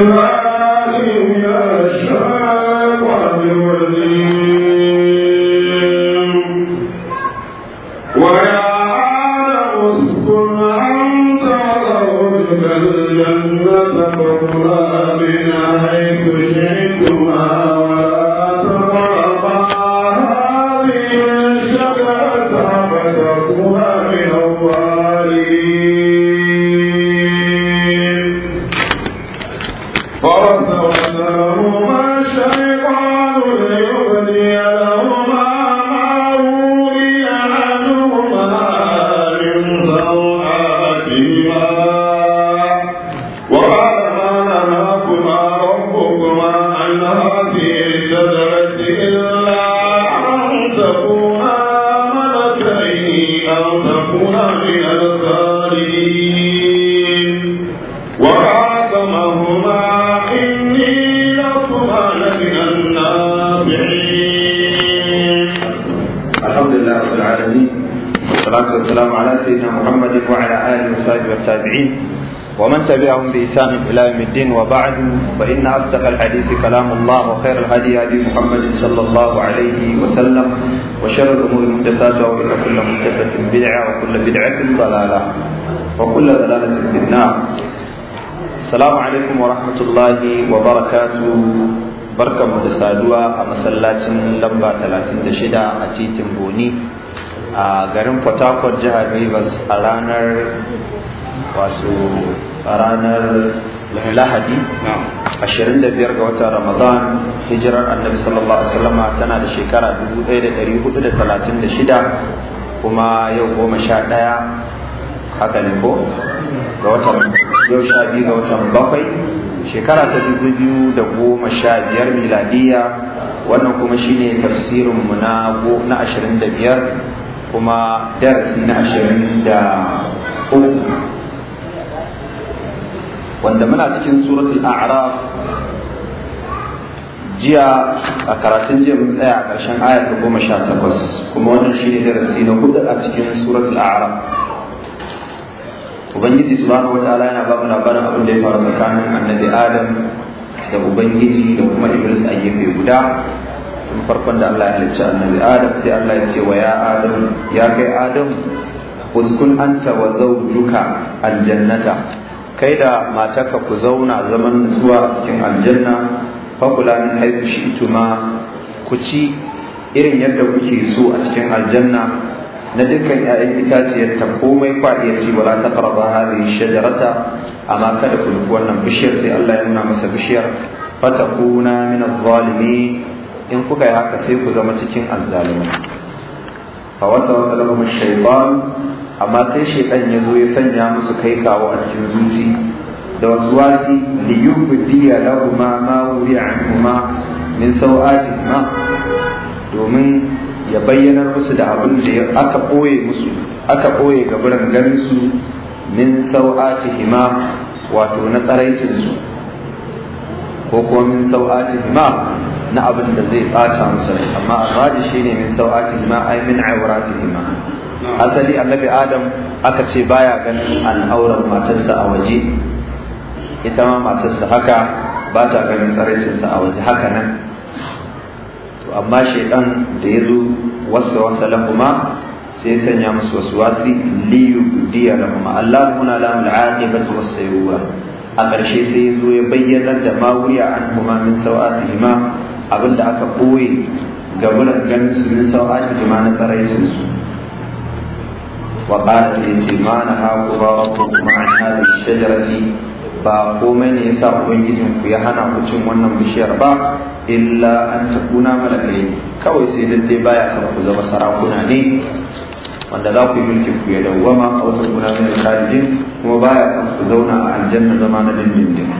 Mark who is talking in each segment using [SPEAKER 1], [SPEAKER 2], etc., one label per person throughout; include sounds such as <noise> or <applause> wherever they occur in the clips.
[SPEAKER 1] Senhor.
[SPEAKER 2] الدين وبعد فإن أصدق الحديث كلام الله وخير الهدي هدي محمد صلى الله عليه وسلم وشر الأمور محدثاتها وإن كل محدثة بدعة وكل بدعة ضلالة وكل ضلالة في النار السلام عليكم ورحمة الله وبركاته بركة مدسادوة مسلاة لمبا 36 أتيت بوني a garin port harcourt jihar rivers a ranar wasu a ranar lahadi ashirin da biyar ga watan ramadan hijirar annabi sallallahu alaihi wasallam tana da shekara shida kuma yau goma sha ɗaya haka ne ko ga watan yau sha biyu ga watan bakwai shekara ta dubu biyu da goma sha biyar miladiya wannan kuma shine tafsirin mu na ashirin da biyar kuma darasi na ashirin da uku muna cikin suratul a'raf jiya a karatun jiya mun tsaya a ƙarshen aya ta goma sha takwas kuma wannan shi ne darasi na hudu a cikin suratul a'raf ubangiji subhanahu wataala yana ba mu labarin abin da ya faru tsakanin annabi adam da ubangiji da kuma iblis a gefe guda tun farkon da Allah ya halicci annabi adam sai Allah ya ce wa ya adam ya kai adam uskun anta wa zawjuka aljannata kai da matarka ku zauna zaman zuwa cikin aljanna fakula min shi shi'tuma ku ci irin yadda kuke so a cikin aljanna na dukkan 'ya'yan itaciyar ta komai kwa iya ci wala ta karba hali shajarata amma kada ku duk wannan bishiyar sai Allah ya nuna masa bishiyar fatakuna min adh in kuka yi haka sai ku zama cikin azzalimai fa wasa wasa lahum shaytan amma sai shaitan ya zo ya sanya musu kai kawo a cikin zuci da wasu wasi da yubdiya lahuma ma wuri anhuma min sau'atin ma domin ya bayyanar musu da abin da aka ɓoye musu aka ɓoye gaburan ganin su min sau'atihima wato na tsaraicinsu ko kuma min sau'atihima na abin da zai bata musu ne amma shi ne min sau'ati ma ai min ta ma asali annabi adam aka ce baya ganin al'auran matarsa a waje ita ma matarsa haka ba ta ganin tsaraicinsa a waje haka nan to amma shaidan da ya zo wasu wasa lahuma sai sanya musu wasu wasi liyu diya lahuma Allah muna lahum al'aqibatu yi a ƙarshe sai ya zo ya bayyana da mawuriya an kuma min sau'atihima abin da aka ɓoye ga wurin ganin su min shi jima na tsaraicin su wa qala sai ce ma na haku ba wa ku kuma an haɗu shajarati ba komai ne yasa ubangijin ku ya hana ku cin wannan bishiyar ba illa an takuna malakai kawai sai dan dai baya sa ku zama sarakuna ne wanda za ku yi mulkin ku ya dawwama a wasu kuna mai kuma baya sa ku zauna a aljanna zama na dindindin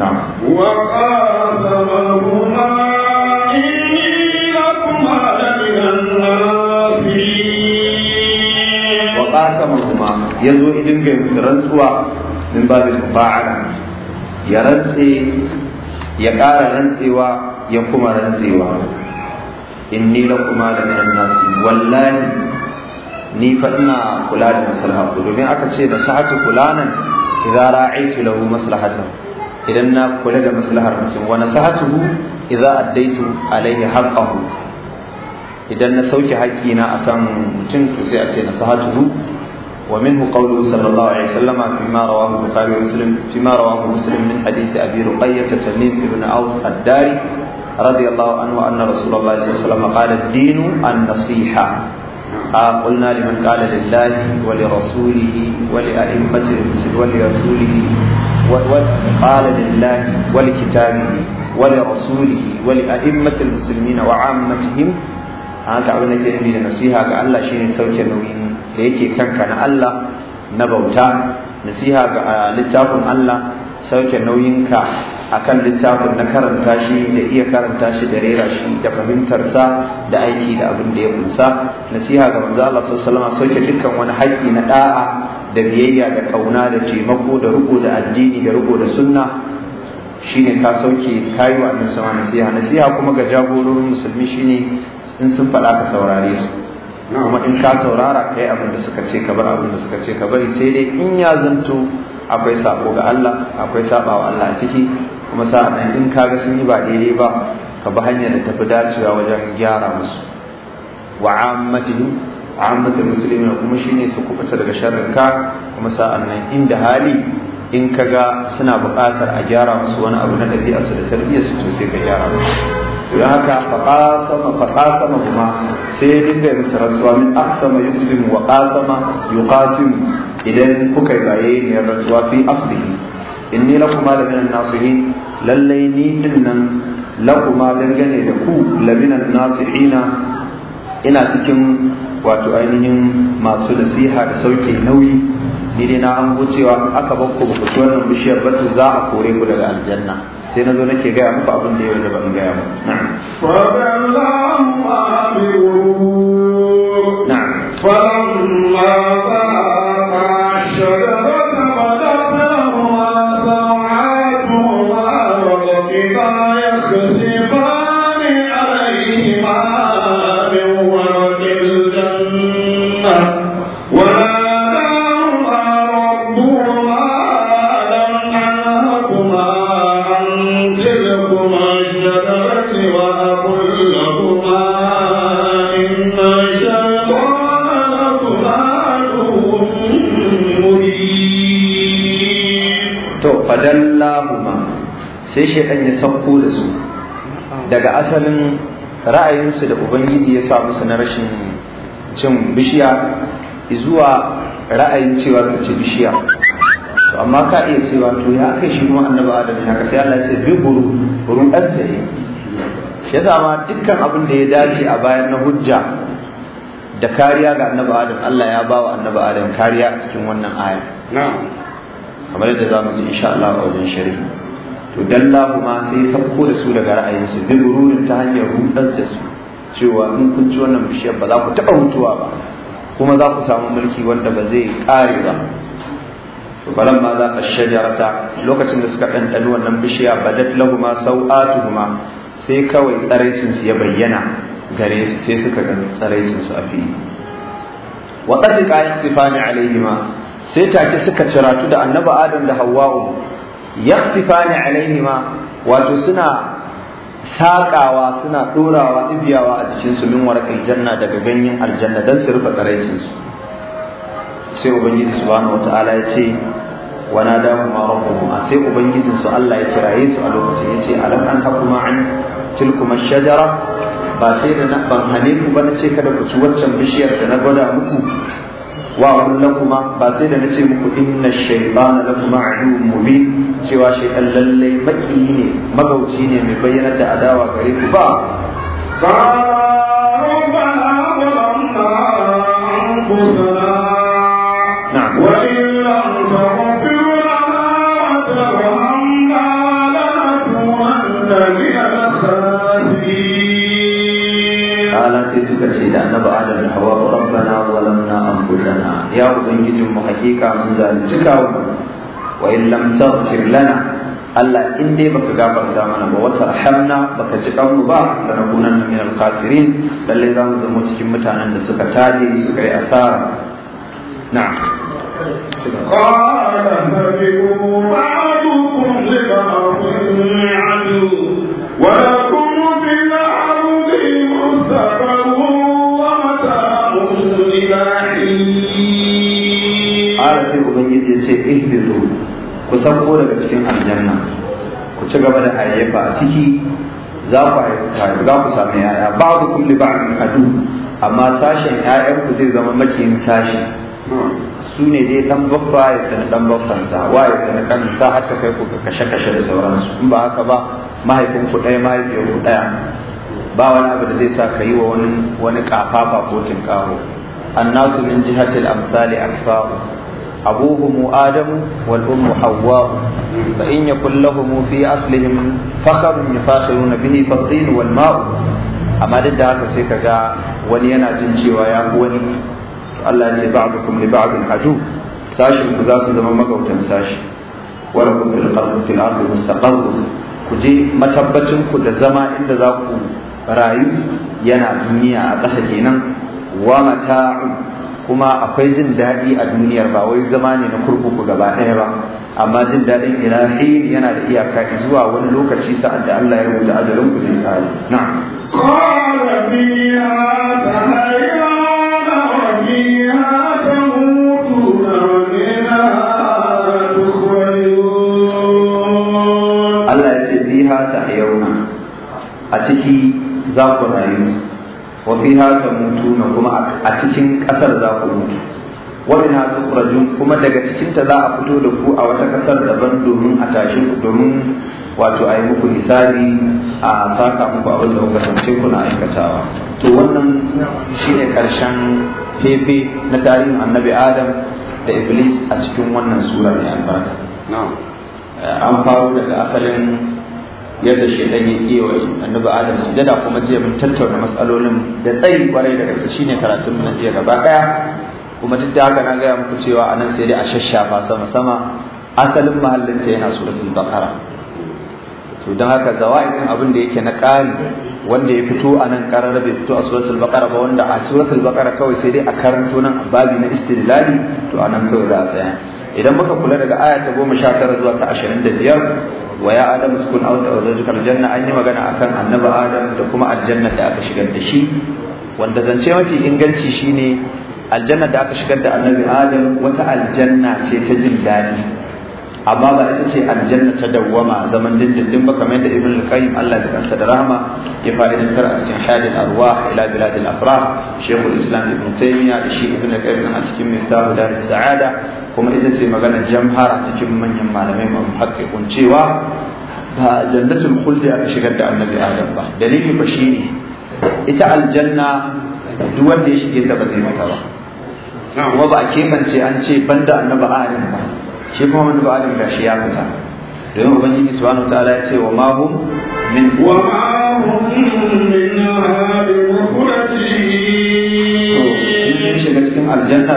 [SPEAKER 1] وقاسمهما إني لكما لمن الناصحين وقاسمهما
[SPEAKER 2] يزو إذن كيف سرنتوا من باب المباعلة ya rantse ya ƙara rantsewa ya kuma rantsewa inni la kuma da minan nasi wallahi ni fa ina kula da maslahatu domin aka ce da sa'atu kulanan idza ra'aytu lahu maslahatan idan na kula da maslahar mutum wa nasahatuhu idza addaitu alaihi haqqahu idan na sauke haƙƙina akan mutum to sai a ce nasahatuhu wa minhu qawluhu sallallahu alaihi wasallama fi ma rawahu bukhari wa muslim fi ma rawahu muslim min hadith abi ruqayyah tamim ibn aus ad-dari radiyallahu anhu anna rasulullahi sallallahu alaihi wasallam qala ad-dinu an-nasiha a qulna liman qala lillahi wa li rasulihi wa li a'immati al-muslimin wa li rasulihi wa qala lillahi wa li kitabihi wa li rasulihi wa li a'immati al-muslimin wa 'ammatihim haka abin da ke nufi nasiha ga Allah shine sauke nauyin da yake kanka na Allah na bauta nasiha ga littafin Allah sauke nauyinka akan littafin na karanta shi da iya karanta shi da rera shi da fahimtar sa da aiki da abin da ya kunsa nasiha ga manzo Allah sallallahu alaihi wasallam sauke dukkan wani haƙƙi na da'a da biyayya da kauna da taimako da riko da addini da riko da sunna shine ka sauke kai wa annabi sallallahu nasiha nasiha kuma ga jagororin musulmi shine in sun faɗa ka saurare su kuma in ka saurara kai abin da suka ce ka bar abin da suka ce ka bari sai dai in ya zanto akwai sako ga Allah akwai sabawa Allah a ciki kuma sa'an in ka ga sun yi ba daidai ba ka bi hanyar da ta fi dacewa wajen gyara musu wa ammatihim ammatul muslimin kuma shine su kubuta daga sharrin ka kuma sa'an nan inda hali in ka ga suna buƙatar a gyara musu wani abu na ɗabi'a su da tarbiyyar su to sai ka gyara musu ya haka faƙasama faƙasama kuma sai dinga yin rantsuwa min aksama yusimu wa ƙasama yuqasimu idan kuka yi raye ne rantsuwa fi in inni lakuma la minan nasihin lallai ni din nan lakuma dangane da ku la minan nasihina ina cikin wato ainihin masu nasiha da sauke nauyi ni dai na an gucewa aka bakko ba ku wannan bishiyar batu za a kore ku daga aljanna sai na zo nake gaya muku abin da ya da ban gaya muku
[SPEAKER 1] na'am
[SPEAKER 2] sai shaitan ya sauko da su daga asalin ra'ayinsu da ubangiji ya sa musu na rashin cin bishiya zuwa ra'ayin cewa su ci bishiya to amma ka iya cewa to ya kai shi kuma annabi adam ya ka sai Allah ya ce bi buru burun asali ya zama dukkan abin da ya dace a bayan na hujja da kariya ga annabi adam Allah ya ba wa annabi adam kariya cikin wannan aya na'am kamar yadda zamu mu insha Allah a wajen sharhi to dallahu ma sai sako da su daga ra'ayinsu bin rurin ta hanyar rudar da su cewa in kun ci wannan bishiyar ba za ku taɓa mutuwa ba kuma za ku samu mulki wanda ba zai ƙare ba to balan ma za ka shajarata lokacin da suka ɗanɗani wannan bishiya badat lahuma sau'atuhuma sai kawai tsaraicinsu ya bayyana gare su sai suka ga tsaraicinsu a fili wa qad qala istifani alayhima sai take suka ciratu da annabi adam da hawwa'u yaktifani alaihima wato suna saƙawa suna ɗorawa ɗibiyawa a jikinsu min warƙar janna daga ganyen aljanna don su rufe su sai ubangiji subhanahu wata'ala ya ce wa na ma rabbuhu sai ubangijin su Allah ya kiraye su a lokacin ya ce alam an hakuma an tilkuma shajara ba sai da ban hane ku ba na ce kada ku ci waccan bishiyar da na gwada muku wa kuma ba sai da nace na inna shaytana lakum aduwwun mubin cewa shaytan lallai maki ne magauci ne mai bayyanar da adawa gare ba
[SPEAKER 1] وإن لم تغفر لنا وترحمنا لنكونن من الخاسرين
[SPEAKER 2] قال في سكتي لأن ربنا ظلمنا أنفسنا ya ubangijin mu hakika mun zalunci kawo wa in lam taghfir lana Allah in dai baka gafarta mana ba wata rahamna baka ci kanmu ba da nakunan min al-khasirin lalle za mu zama cikin mutanen da suka tare suka yi asara na'am
[SPEAKER 1] قال فبما
[SPEAKER 2] ku sauko daga cikin aljanna ku ci gaba da hayayyafa a ciki za ku za ku sami yaya ba ku kulli ba adu amma sashen yayan ku zai zama makiyin sashi su ne dai dan baffa ya tsani dan baffansa wa ya kan sa, har ta kai ku ga kashe kashe da sauransu in ba haka ba mahaifin ku ɗaya mahaifiyar ku ɗaya ba wani abu da zai sa ka yi wa wani wani kafafa ko tinkaho annasu min jihatil amsali asfahu أبوهم آدم والأم حواء فإن يكن لهم في أصلهم فخر يفاخرون به فالطين والماء أما ضد هذا سيكا ولينا جنشي ويا ولي الله لي بعضكم لبعض عدو ساشي المزاس زمان مقوم تنساشي ولكم في القلب في الأرض مستقر كجي متبتن كل زمان إن ذاكم رايو ينا دنيا قسكينا ومتاع kuma akwai jin daɗi a duniyar ba wai zama ne na kurkuku gaba ɗaya ba amma jin daɗin ila yana da iyaka zuwa wani lokaci sa'ad da Allah ya rubuta ajalin ku zai kare
[SPEAKER 1] biya Allah ya
[SPEAKER 2] ce biha a ciki za ku rayu wa mutu na kuma a cikin kasar za ku mutu wa minha tukhrajun kuma daga cikin ta za a fito da ku a wata kasar daban domin a tashi domin wato a yi muku nisari a saka muku a wanda kuka sance kuna aikatawa to wannan shi ne karshen fefe na tarihin annabi adam da iblis a cikin wannan sura mai albarka eh, an faru daga asalin yadda dan ya kewaye annabi adam sujada kuma jiya mun tattauna matsalolin da tsayi kwarai da gaske shine karatun mu na jiya gaba daya kuma duk da haka na gaya muku cewa anan sai dai a shashafa sama sama asalin mahallin ta yana suratul baqara to dan haka zawa'idin abin da yake na ƙari wanda ya fito a nan ƙarar bai fito a suratul baqara ba wanda a suratul baqara kawai sai dai a karanto nan a na istidlali to anan kawai za a tsaya idan muka kula daga aya ta goma sha zuwa ta ashirin da biyar Waya ya adam sukun auta wa janna an yi magana akan annabi adam da kuma aljanna da aka shigar da shi wanda zance mafi inganci shine aljanna da aka shigar da annabi adam wata aljanna ce ta jin daɗi amma ba ita ce aljanna ta dawwama zaman dindindin ba kamar yadda ibn al-qayyim Allah ya kansa da rahama ya fa'idantar a cikin hadil arwah ila bilad al-afrah al islam ibn taymiya da shi ibn al-qayyim a cikin miftahu dar sa'ada kuma ita ce magana jamhara cikin manyan malamai ma haƙiƙun cewa ba jannatul khuldi a shigar da annabi adam ba dalili ba shi ne. ita aljanna duk wanda ya shige ta ba zai mata ba kuma ba a kimance an ce banda annabi adam ba shi kuma wani ba adam gashi ya fita domin ubangiji subhanahu ta'ala ya ce wa ma hum min wa ma
[SPEAKER 1] hum min sun
[SPEAKER 2] shiga cikin aljanna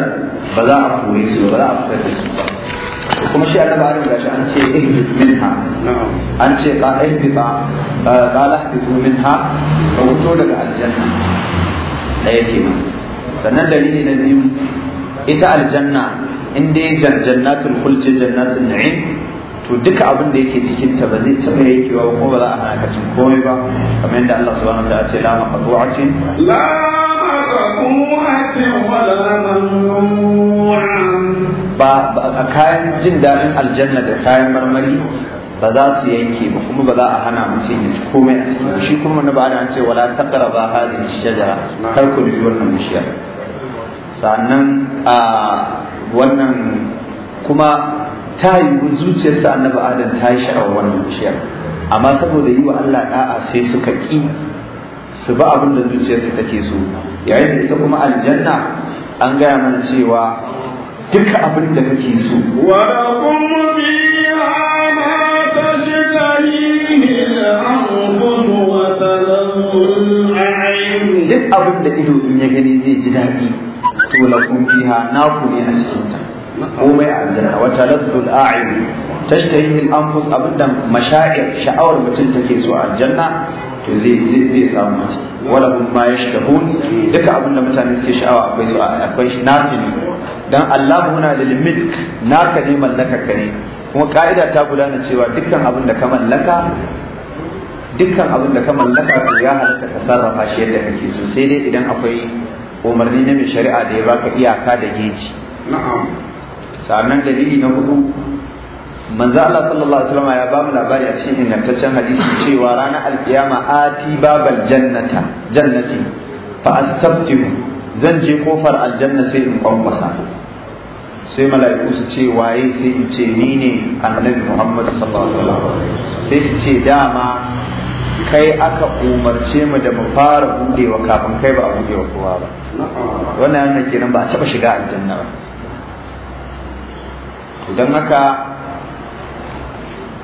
[SPEAKER 2] ba za a kore su ba za a fitar da su ba kuma shi annabi adam gashi an ce ihbit minha an ce ba ihbita qala ihbitu minha ka fito daga aljanna ɗaya kenan sannan dalili na biyu ita aljanna in dai jannatul khuld jannatul na'im to duka abin da yake cikin ta ba zai taɓa ba ko ba za a hana cin komai ba kamar yadda Allah subhanahu wa ta'ala ce la maqtu'atin la
[SPEAKER 1] maqtu'atin wa la ba
[SPEAKER 2] a kayan jin daɗin aljanna da kayan marmari ba za su yanke ba kuma ba za a hana mutum ya komai shi kuma na ba an ce wala taqraba hadhihi shajara kar ku bi wannan bishiya sannan a wannan kuma ta yi zuciyarsa annabi adam ta yi sha'awar wannan bishiyar amma saboda yi wa Allah da'a sai suka ƙi su ba abin da zuciyarsa take
[SPEAKER 1] so yayin da ita kuma aljanna an gaya mana cewa duka abin da kake so wa lakum ma wa duk
[SPEAKER 2] abin da ido in ya gani zai ji daɗi to lakum fiha naku ne a cikin ta komai a aljanna wa taladdu al-a'yun tashtahi al-anfus abinda mashaa'ir sha'awar mutum take so a janna to zai zai samu mace wala hum ma yashtahun duka abinda mutane suke sha'awa akwai su akwai nasu ne dan Allah muna lil milk naka ne mallaka ka kuma ka'ida ta gudana cewa dukkan abin da ka mallaka dukkan abin da ka mallaka to ya halatta ka sarrafa shi yadda kake so sai dai idan akwai umarni ne mai shari'a da ya baka iyaka da geji sannan dalili na hudu manzo Allah sallallahu alaihi wasallam ya ba mu labari a cikin ingantaccen hadisi cewa ranar alkiyama ati babal jannata jannati fa astaftihu zan je kofar aljanna sai in kwankwasa sai mala'iku su ce waye sai in ce ni ne annabi Muhammad sallallahu alaihi wasallam sai su ce dama kai aka umarce mu da mu fara budewa kafin kai ba a budewa kowa ba wannan yana kenan ba a taba shiga aljanna ba haka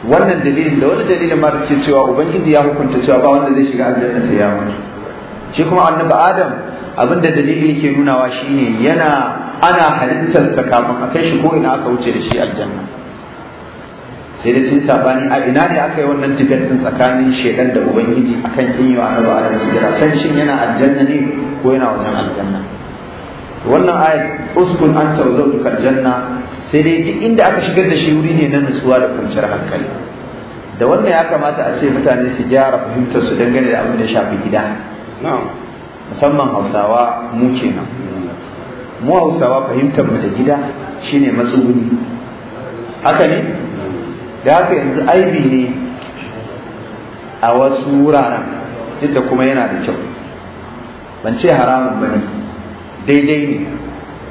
[SPEAKER 2] wannan dalilin da wani dalilin ma da ke cewa ubangiji ya hukunta cewa ba wanda zai shiga aljanna sai ya mutu shi kuma annabi adam abin da dalili yake nunawa shine yana ana halittarsa kafin a kai shi ko ina aka wuce da shi aljanna sai da sun sabani a ina ne aka yi wannan debate din tsakanin shedan da ubangiji akan kin yi wa annabi adam sujjada san shin yana aljanna ne ko yana wajen aljanna wannan ayat uskun anta wa zawjukal aljanna. sai dai duk inda aka shigar da shi wuri ne na nutsuwa da kwanciyar hankali da wannan ya kamata a ce mutane su gyara fahimtar su dangane da abin da shafi gida musamman hausawa mu kenan mu hausawa fahimtar mu da gida shine matsuguni haka ne da haka yanzu aibi ne a wasu wuraren duk kuma yana da kyau ban ce haramun ba ne daidai ne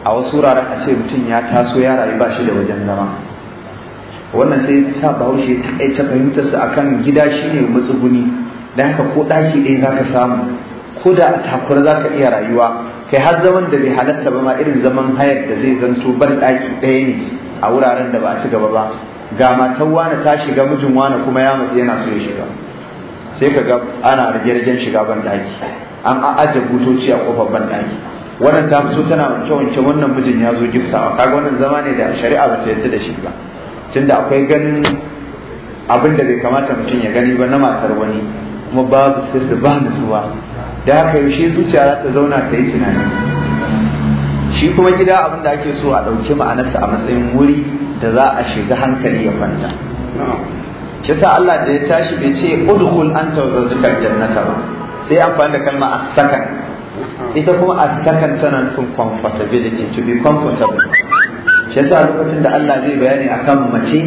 [SPEAKER 2] a wasu wuraren a ce mutum ya taso ya rayu ba shi da wajen zama wannan sai sa bahaushe ta fahimtar su akan gida shi ne matsuguni da haka ko daki ɗaya za ka samu ko da a takura za ka iya rayuwa kai har zaman da bai halatta ba ma irin zaman hayar da zai zanto ban ɗaki ɗaya ne a wuraren da ba a ci gaba ba ga matan wani ta shiga mijin wani kuma ya matsi yana so ya shiga sai ka ga ana da ragen shiga bandaki an ajiye butoci a kofar bandaki wannan ta fito tana wanke wannan mijin ya zo giftawa kaga wannan zama ne da shari'a ba ta yadda da shi ba tunda akwai ganin abin da bai kamata mutum ya gani ba na matar wani kuma babu sirri ba nutsuwa da haka yaushe zuciya za ta zauna ta yi tunani shi kuma gida abin da ake so a ɗauki ma'anarsa a matsayin wuri da za a shiga hankali ya kwanta shi sa Allah da ya tashi bai ce udkhul anta wa zawjukal jannata ba sai amfani da kalma as-sakan ita kuma as-sakan tana nufin comfortability to be comfortable shi sa lokacin da Allah zai bayani akan mace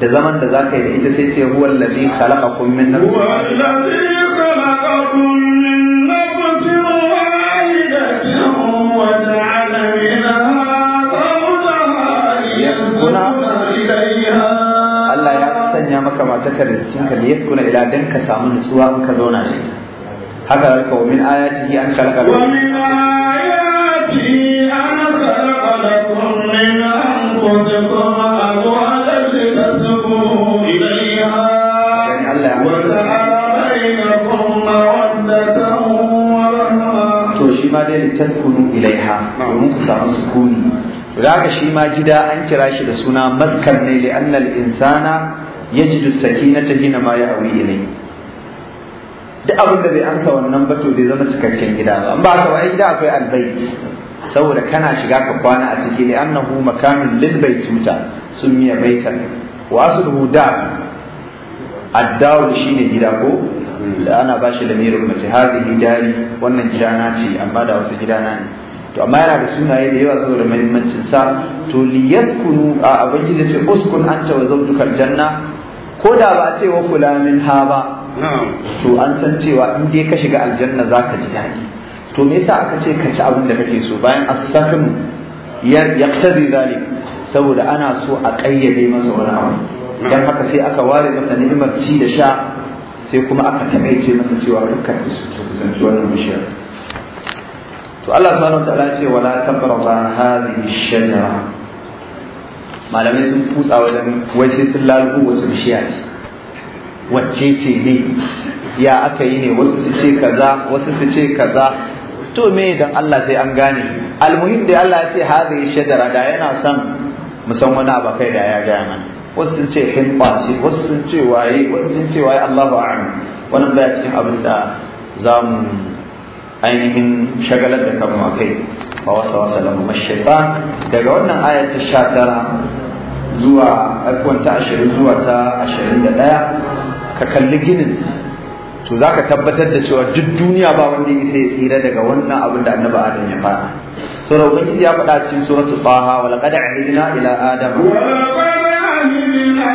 [SPEAKER 2] da zaman da zaka yi da ita sai ce huwallazi khalaqakum min nafsin ka da jikinka da yaskuna ila dan ka samu nutsuwa in ka zauna da ita haka zalika wa min ayatihi an khalaqa wa
[SPEAKER 1] min ayatihi an khalaqa lakum min anfusikum to
[SPEAKER 2] shi ma dai litaskunu ilayha domin ku samu sukuni ka shi ma gida an kira shi da suna "maskar ne li insana yajidu sakinata hina ma ya hawi ilai. duk abin da bai amsa wannan ba to bai zama cikakken gida ba An ba ka wai gida akwai albayt saboda kana shiga ka kwana a cikin ne annahu makamin lil muta sun miya baita wa asluhu da addawu shine gida ko da ana ba shi lamirin mace hadhihi dari wannan gidana ce amma da wasu gidana ne to amma yana da sunaye da yawa saboda muhimmancin sa to liyaskunu a abin ce uskun anta wa zawjukal janna ko da ba a ce wa kula min ha ba to an san cewa in dai ka shiga aljanna za ka ji daɗi to me yasa aka ce ka ci abin da kake so bayan as-sakn yaqtadi zalik saboda ana so a ƙayyade masa wani abu dan haka sai aka ware masa ni'imar ci da sha sai kuma aka taƙaice masa cewa dukkan su kusanci wannan bishiyar to Allah subhanahu wa ta'ala ya ce wala tabraba hadhihi ash-shajara malamai sun kutsa wajen wai sun lalubu wasu bishiya ce wacce ce ne ya aka yi ne wasu su ce kaza wasu su ce kaza to me dan Allah sai an gane almuhim da Allah ya ce hadhihi shajara da yana son mu san wani kai da ya gaya mana wasu sun ce hinba ce wasu sun ce waye wasu sun ce waye Allahu a'lam wannan baya cikin abin da za mu ainihin shagalar da kanmu kai fa wasa wasa lahu mashaitan daga wannan ayyata ta 19 zuwa alfuwan ta ashirin zuwa ta ashirin da ɗaya ka kalli ginin to za ka tabbatar da cewa duk duniya ba wanda ya sai tsira daga wannan abin da annabi adam ya fara da ubangiji ya faɗa cikin suratul taha wa laqad ahidna ila
[SPEAKER 1] adam wa ila adam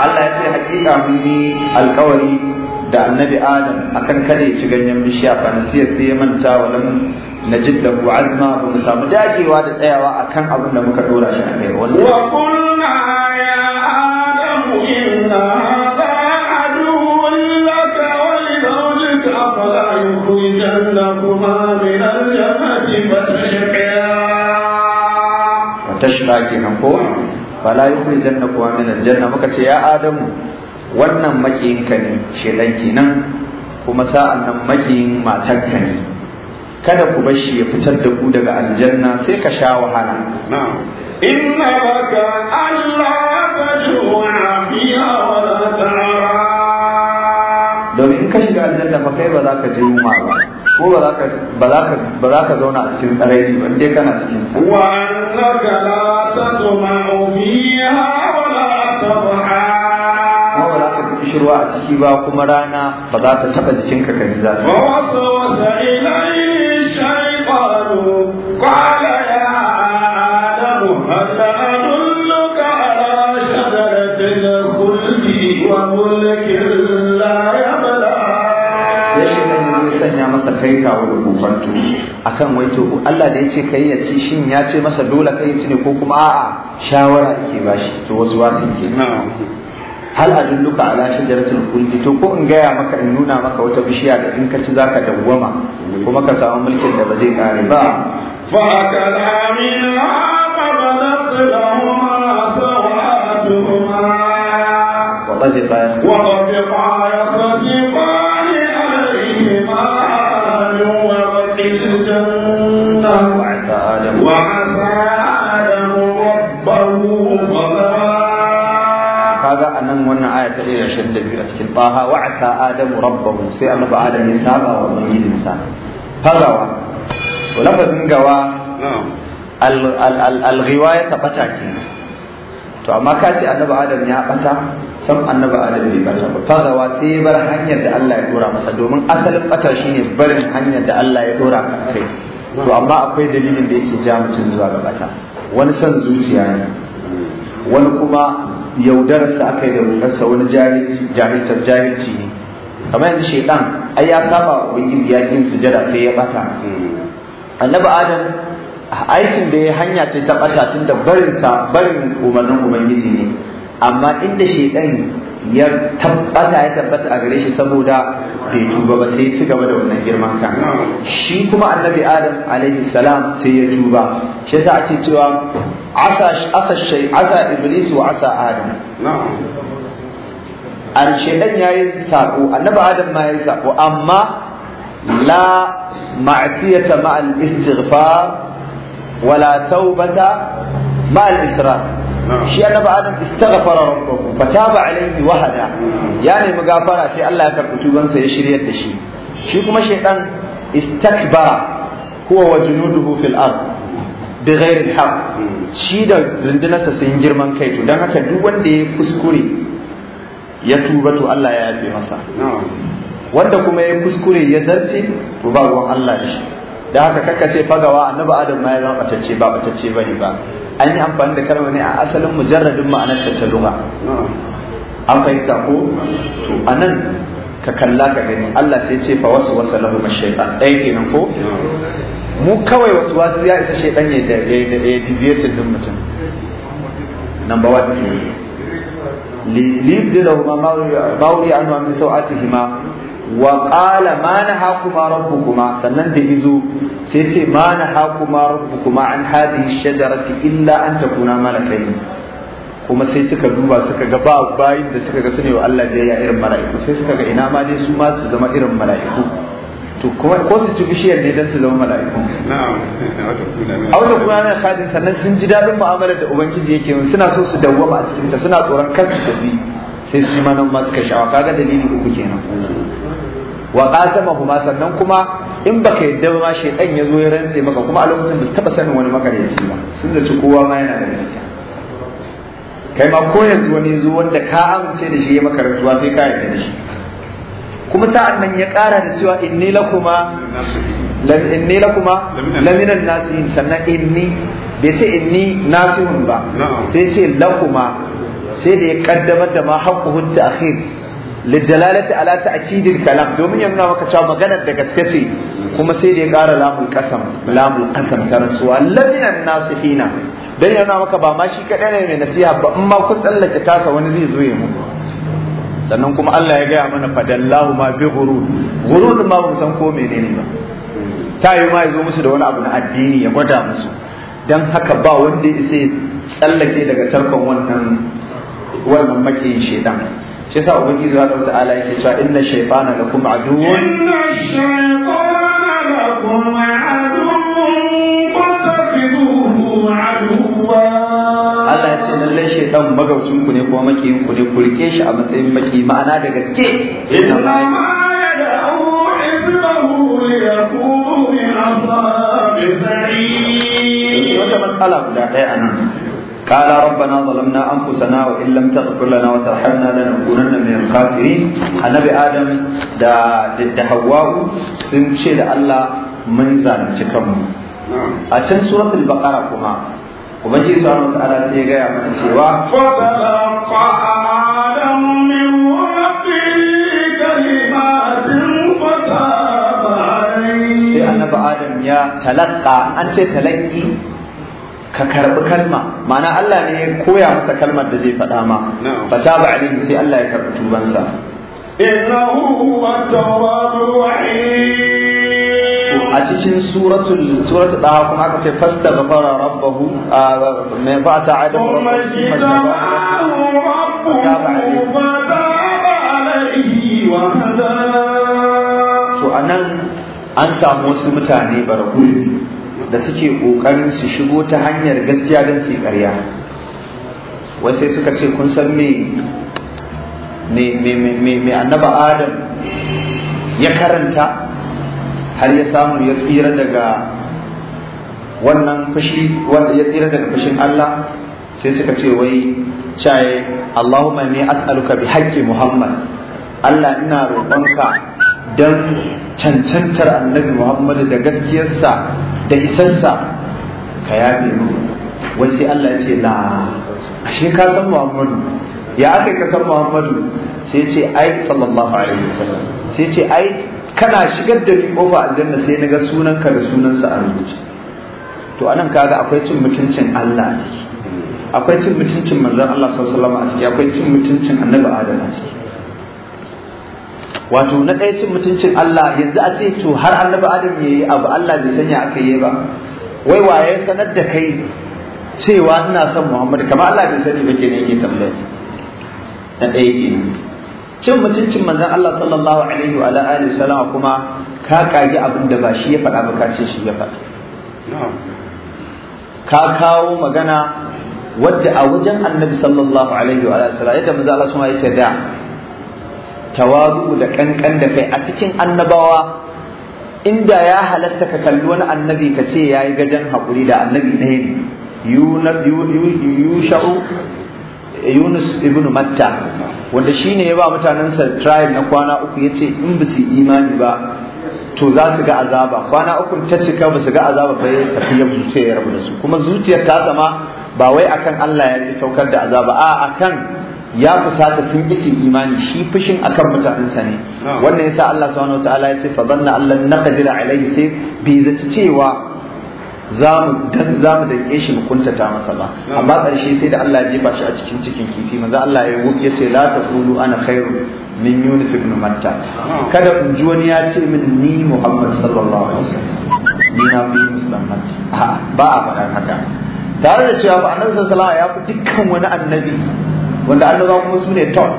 [SPEAKER 1] Allah ya ce hakika mun yi
[SPEAKER 2] alkawari da annabi adam akan kare ci ganyen bishiya fa nasiya sai ya manta wa lam najid da ku azma ba mu samu dajewa da tsayawa akan abin da muka dora shi a kai wallahi wa
[SPEAKER 1] qulna ya adam inna hadha aduwwun laka wa li zawjika fala yukhrijannakuma min al-jannati
[SPEAKER 2] min janna muka ce ya adamu wannan makiyinka ne shedan kenan kuma sa'an nan makiyin matarka ne kada ku bar shi ya fitar da ku daga aljanna sai ka sha wahala
[SPEAKER 1] inna baka allah tajuna fiha wa la tara
[SPEAKER 2] domin ka shiga aljanna fa kai ba za ka je yunwa ba ko ba za ka ba za ka ba za ka zauna a cikin tsaraici ba dai kana cikin wa
[SPEAKER 1] annaka la tazma
[SPEAKER 2] ruwa a ciki ba kuma rana ba za ta taba
[SPEAKER 1] jikinka ka ji zafi
[SPEAKER 2] sanya masa kai kawo da kan wai waito Allah da ya ce kai ya ci shin ya ce masa dole kai ya ci ne ko kuma a'a shawara ke ba shi to wasu wasu ke هل أدلك على شجرة الخلد توكو إن جاء مك إن نونا مك وتبشيا إن كسر ذاك دوما وما كسر ملك الدبزين عربا
[SPEAKER 1] فأكل منها فبدت لهما سوءاتهما وطبقا يخرجي
[SPEAKER 2] 22 a cikin taha wa asa adamu rabbahu sai annabi adam ya saba wa ubangijinsa fagawa to lafazin gawa alghiwa ya tabbata ke to amma ka ce annabi adam ya bata san annabi adam bai bata ba fagawa sai bar hanyar da Allah ya dora masa domin asalin bata shine barin hanyar da Allah ya dora kai to amma akwai dalilin da yake ja mutum zuwa ga bata wani son zuciya ne wani kuma yaudararsa aka yi da rukarsa wani jahilcar jahilci ne kamar yanzu shaidan ai ya saba wa ya kin sujada sai ya bata annabi adam aikin da ya hanya ce ta bata tun da barin sa barin umarnin ubangiji ne amma inda shaidan ya tabbata ya tabbata a gare shi saboda bai tuba ba sai ya ci gaba da wannan girman kan shi kuma annabi adam alaihi salam sai ya tuba shi yasa ake cewa asa iblis wa asa adam na'am an yayi sako annabi adam ma yayi sako amma la ma'siyata ma al wala tawbata ma israr shi annabi adam istaghfara rabbahu fataba alayhi wa hada yani magafara sai Allah ya karbi tubansa ya shiryar da shi shi kuma shedan istakbara huwa wa junuduhu fil ard bi ghairil haq shi da rundunarsa sun girman kai to dan haka duk wanda ya kuskure ya tuba to Allah ya yafe masa wanda kuma ya kuskure ya zarce to ba ruwan Allah shi da haka kaka ce fagawa annabi adam ma ya zama batacce ba batacce bane ba an yi amfani da kalma ne a asalin mujarradin ma'anar ta lugha an fahimta ko to anan ka kalla ka gani Allah sai ce fa wasu wasa lahu shaytan ɗaya kenan ko mu kawai wasu wasu ya isa shi ɗanye da ya yi deviation din mutum number one ne lilib da da kuma mawuri an ma sau sau'ati hima wa ƙala ma na ha kuma rabu sannan da izo sai ce ma na ha kuma rabu kuma an hadi shajarati illa an ta kuna malakai kuma sai suka duba suka ga bayan da suka ga sune wa Allah da ya irin mala'iku sai suka ga ina ma ne su ma su zama irin mala'iku to ko su ci bishiyar ne don su zama mala'iku <laughs> a wata kuma na kadin sannan sun ji daɗin mu'amalar da ubangiji yake yi suna so su dawwama a cikin ta, suna tsoron kar su tafi sai su ma nan ma suka sha'awa kaga dalili uku kenan wa qasama huma sannan kuma in baka yadda ba shaytan ya zo ya rantse maka kuma a lokacin ba su taba sanin wani makaryaci ba sun zaci kowa ma yana da gaskiya kai ma ko yanzu wani zo wanda ka amince da shi ya maka rantsuwa sai ka yarda da shi kuma sa'an nan ya ƙara da cewa inni lakuma inni lakuma laminan nasihin sannan inni bai ce inni nasihun ba sai ce lakuma sai da ya kaddamar da ma haƙƙuhun akhir lidalalati ala ta'kidil kalam domin ya nuna maka cewa magana da gaske ce kuma sai da ya ƙara lamul qasam lamul qasam ta rasuwa laminan nasihina dan ya nuna maka ba ma shi kadai ne mai nasiha ba in ma ku tsallake tasa wani zai zo ya muku sannan kuma Allah ya gaya mana fadallahu ma bi ghurur ghurur ma ba san ko menene ba ta yi ma ya zo musu da wani abu na addini ya gwada musu dan haka ba wanda ya sai tsallake daga tarkon wannan wannan makiyin shedan shi yasa ubangi zuwa da ta'ala yake cewa inna shaytana lakum aduwwun
[SPEAKER 1] inna shaytana lakum aduwwun fatakhiduhu aduwwan
[SPEAKER 2] lallai dan magaucin ku ne kuma makiyin ku ne kurke shi a matsayin maki ma'ana da gaske inna
[SPEAKER 1] ma yad'u hizbahu liyakunu min ashabi sa'id wata
[SPEAKER 2] matsala guda ɗaya anan قال ربنا ظلمنا انفسنا وان لم تغفر لنا وترحمنا لنكونن من الخاسرين النبي ادم دا da Hawwa'u sun ce da Allah mun zalunci kanmu a can suratul baqara kuma ubangiji subhanahu ta'ala sai ya gaya mana cewa
[SPEAKER 1] fatalaqa adam min rabbihi kalimatin fataba
[SPEAKER 2] alayhi sai annabi adam ya talaqqa an ce talaqi ka karbi kalma ma'ana Allah ne ya koya masa kalmar da zai faɗa ma fataba alayhi sai Allah ya karbi tubansa
[SPEAKER 1] innahu huwa tawwabur rahim
[SPEAKER 2] a cikin suratul suratul da kuma aka ce fasta gafara rabbahu mai ba ta aida to a nan an samu wasu mutane barku da suke ƙoƙarin su shigo ta hanyar gaskiya don su ƙarya wai sai suka ce kun san me me me me annaba adam ya karanta har ya samu ya tsira daga wannan fushi wanda ya tsira daga fushin Allah sai suka ce wai chai Allahumma ne as'aluka bi haqqi Muhammad Allah ina roƙonka don cancantar annabi Muhammad da gaskiyarsa da isarsa ka yabe mu wai sai Allah ya ce la ashe ka san Muhammadu ya aka ka san Muhammadu sai ce ai sallallahu alaihi wasallam sai ce ai kana shigar da ni kofa aljanna sai naga sunan ka da sunansa a rubuce to anan kaga akwai cin mutuncin Allah a ciki akwai cin mutuncin manzon Allah sallallahu alaihi a ciki akwai cin mutuncin annabi Adam a ciki wato na ɗaya cin mutuncin Allah yanzu a ce to har annabi Adam ya yi abu Allah bai sanya aka yi ba wai waye sanar da kai cewa ina son Muhammad kamar Allah bai sani ba kenan yake tambayar na ɗaya kenan cin mutuncin manzon Allah sallallahu alaihi wa alihi wasallam kuma ka kage abin da ba shi ya faɗa ba kace shi ya faɗa ka kawo magana wadda a wajen annabi sallallahu alaihi wa alihi wasallam yadda manzon Allah sun yake da tawazu da kankan da kai a cikin annabawa inda ya halatta ka kalli wani annabi ka ce yayi gajen hakuri da annabi ɗaya ne yusha'u yunus ibn matta wanda shi ne ya ba mutanen sa na kwana uku yace in ba su imani ba to za su ga azaba kwana uku ta cika ba su ga azaba ba ya tafi ya zuciya ya rabu da su kuma zuciyar ta zama ba wai akan Allah ya fi saukar da azaba a akan ya fusata sun ki imani shi fushin akan mutanen ne wannan yasa Allah subhanahu wataala ya ce fa banna Allah alaihi sai bai zata cewa za mu za mu shi mu kuntata masa ba amma ƙarshe sai da Allah ya jefa shi a cikin cikin kifi manzo Allah ya ya ce la taqulu ana khairu min Yunus ibn Matta kada ku ji wani ya ce min ni Muhammad sallallahu alaihi wasallam ni na fi Muslim Matta ba a faɗa haka tare da cewa annabi sallallahu alaihi ya fi dukkan wani annabi wanda annabawa kuma su ne top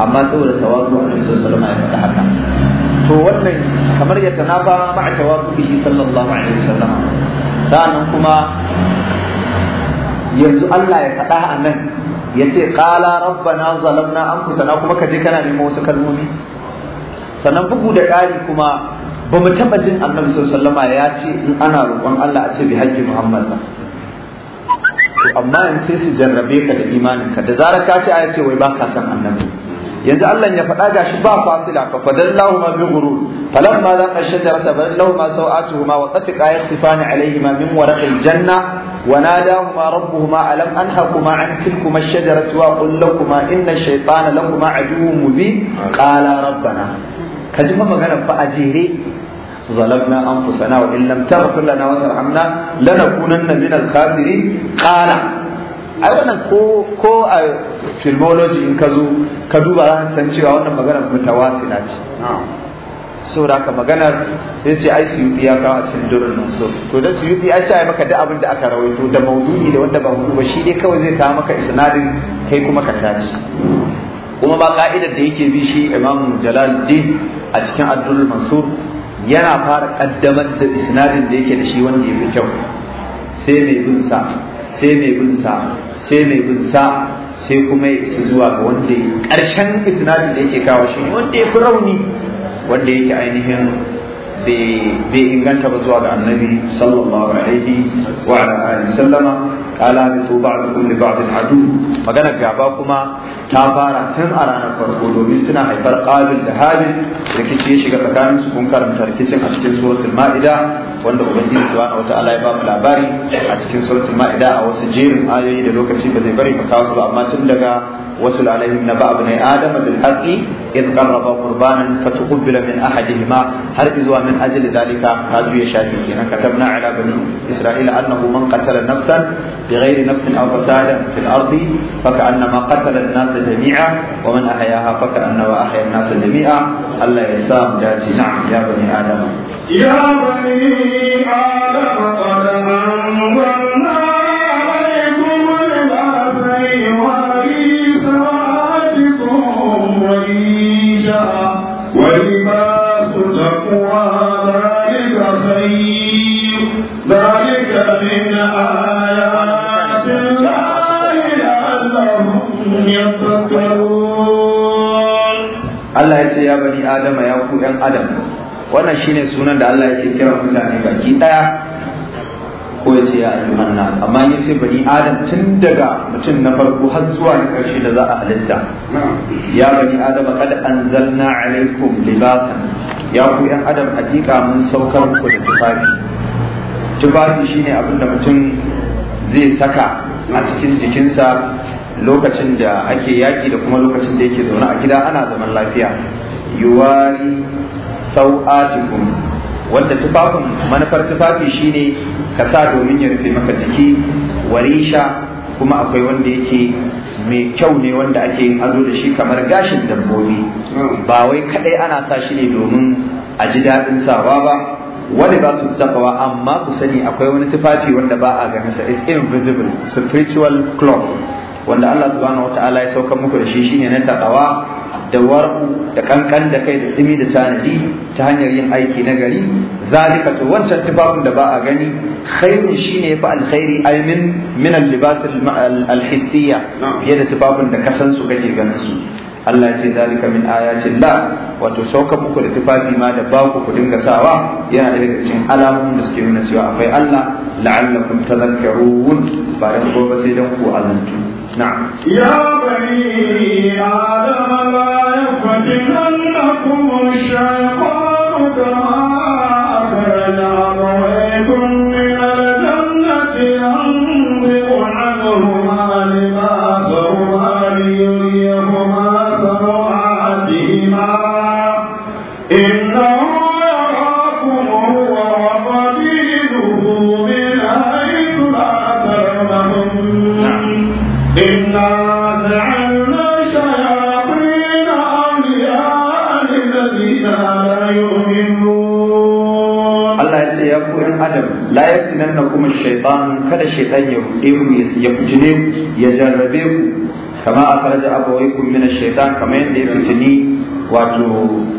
[SPEAKER 2] amma saboda tawazu annabi sallallahu alaihi wasallam ya faɗa haka to wannan kamar ya tanafa ma'a tawazu bihi sallallahu alaihi wasallam sa'annan kuma yanzu Allah ya faɗa a nan ya ce ƙala rabbana zalamna an kusana kuma ka je kana neman wasu kalmomi sannan bugu da ƙari kuma ba mu taɓa jin annabi sallama ya ce in ana roƙon Allah a ce bi haƙƙi Muhammad ba to amma in sai su jarrabe ka da imaninka da zarar ka ce a ce wai ba ka san annabi yanzu Allah ya faɗa gashi ba fasila fa fadallahu ma bi ghurur falamma la ashjara taballahu ma sawatuhuma wa tafiqa yasifani alayhima min warqil janna wa nadahuma rabbuhuma alam anhaquma an tilkuma ash-shajarati wa qul lakuma inna ash-shaytana lakuma aduwwun mubin qala rabbana kaji ma magana fa ajire ظلمنا انفسنا وان لم تغفر لنا وترحمنا لنكونن من الخاسرين قال ai wannan ko ko a filmology in ka zo ka duba za ka san cewa wannan maganar mutawasila ce da ka maganar sai ce ai su ya kawo a cikin durin mansur to da yi ai sai maka da abin da aka rawaito da maudu'i da wanda ba maudu'i ba shi dai kawai zai ta maka isnadin kai kuma ka tashi kuma ba ka'idar da yake bi shi imam jalaluddin a cikin abdul mansur yana fara kaddamar da isnadin da yake da shi wanda ya fi kyau sai mai bin sa sai mai bin sa sai mai binsa sai kuma ya isa zuwa ga wanda ya ƙarshen isnadin da yake kawo shi wanda ya fi rauni wanda yake ainihin bai inganta ba zuwa ga annabi sallallahu alaihi wa alihi sallama ala bi to ba'd kulli ba'd adu magana gaba kuma ta fara tun a ranar farko domin suna haifar qabil da habil rikici ya shiga tsakanin su kun karanta rikicin a cikin suratul ma'ida wanda ubangiji subhanahu wataala ya ba mu labari a cikin suratul ma'ida a wasu jerin ayoyi da lokaci ba zai bari ka kawo su amma tun daga واتل عليهم نبأ ابن آدم بالحق إذ قرب قربانا فتقبل من أحدهما هل إذوا من أجل ذلك هذا يشاهدون كتبنا على بني إسرائيل أنه من قتل نفسا بغير نفس أو فساد في الأرض فكأنما قتل الناس جميعا ومن أحياها فكأنما أحيا الناس جميعا ألا يسام جاتي نعم يا بني آدم
[SPEAKER 1] يا بني آدم
[SPEAKER 2] Allah ya ce ya bani adama ya ku ɗan adam wannan shine sunan da Allah yake kira mutane baki ɗaya, ko ya ce ya ayyuhan nas amma ya ce bani adam tun daga mutum na farko har zuwa na karshe da za a halitta ya bani adam qad anzalna alaikum libasan ya ku ɗan adam hakika mun saukar ku da tufafi tufafi shine ne abinda mutum zai saka a cikin jikinsa lokacin da ake yaƙi da kuma lokacin da yake zaune a gida ana zaman lafiya yuwari sau'atikum wanda tufafin manufar tufafi shine ka sa domin ya rufe maka jiki warisha kuma akwai wanda yake mai kyau ne wanda ake yin ado da shi kamar gashin dabbobi ba wai kadai ana sa shi ne domin a ji daɗin sawa ba wani ba su tafawa amma ku sani akwai wani tufafi wanda ba a ganin sa is invisible spiritual cloth wanda Allah subhanahu wataala ya saukar muku da shi shine na taqawa da war'u da kankan da kai da tsimi da tanadi ta hanyar yin aiki na gari zalika to wancan tufafin da ba a gani khairun shine fa alkhairi ay min min al alhissiya fiye da tufafin da san su kake ganin su Allah ce zalika min ayatin la wato sauka muku da tufafi ma da baku ku dinga sawa yana da daga cikin alamun da suke nuna cewa akwai Allah la'allakum tadhakkarun ba dan gobe sai dan ku azantu نعم
[SPEAKER 1] يا بني آدم لا يفعل
[SPEAKER 2] shaytan kada shaytan ya rude ku ya fitine ku ya jarrabe ku kama akhraja abawaykum min ash-shaytan kama yadda ya fitini wato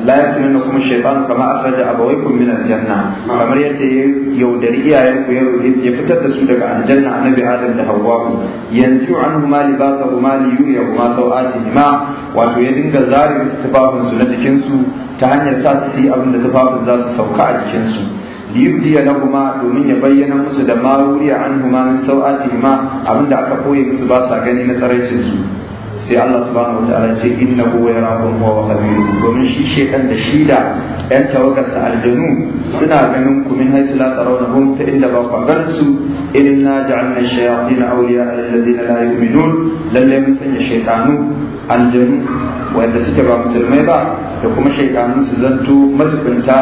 [SPEAKER 2] la yaftinannakum ash-shaytan kama akhraja abawaykum min al-janna kamar yadda ya yaudari iyayen ku ya rude ya fitar da su daga aljanna annabi adam da hawwa yanzu an huma anhu ma libasahu ma liyuriyahu ma hima wato ya dinga zari su tufafin su na jikin su ta hanyar sa su yi abin da tufafin za su sauka a jikin su liyubdiya kuma domin ya bayyana musu da maruriya anhuma min abin da aka koye musu ba sa gani na tsaraicin su sai Allah subhanahu wa ta'ala ce innahu yarahum wa qabiluhu domin shi shedan da shi da yan tawagarsa aljanu suna ganin ku min haythu la tarawnahum ta inda ba ku ganin su shayafi na ja'alna shayatin awliya alladhina la yu'minun lalle mun sanya shaytanu aljanu wanda suke ba musulmai ba da kuma shaidanun su zanto matukunta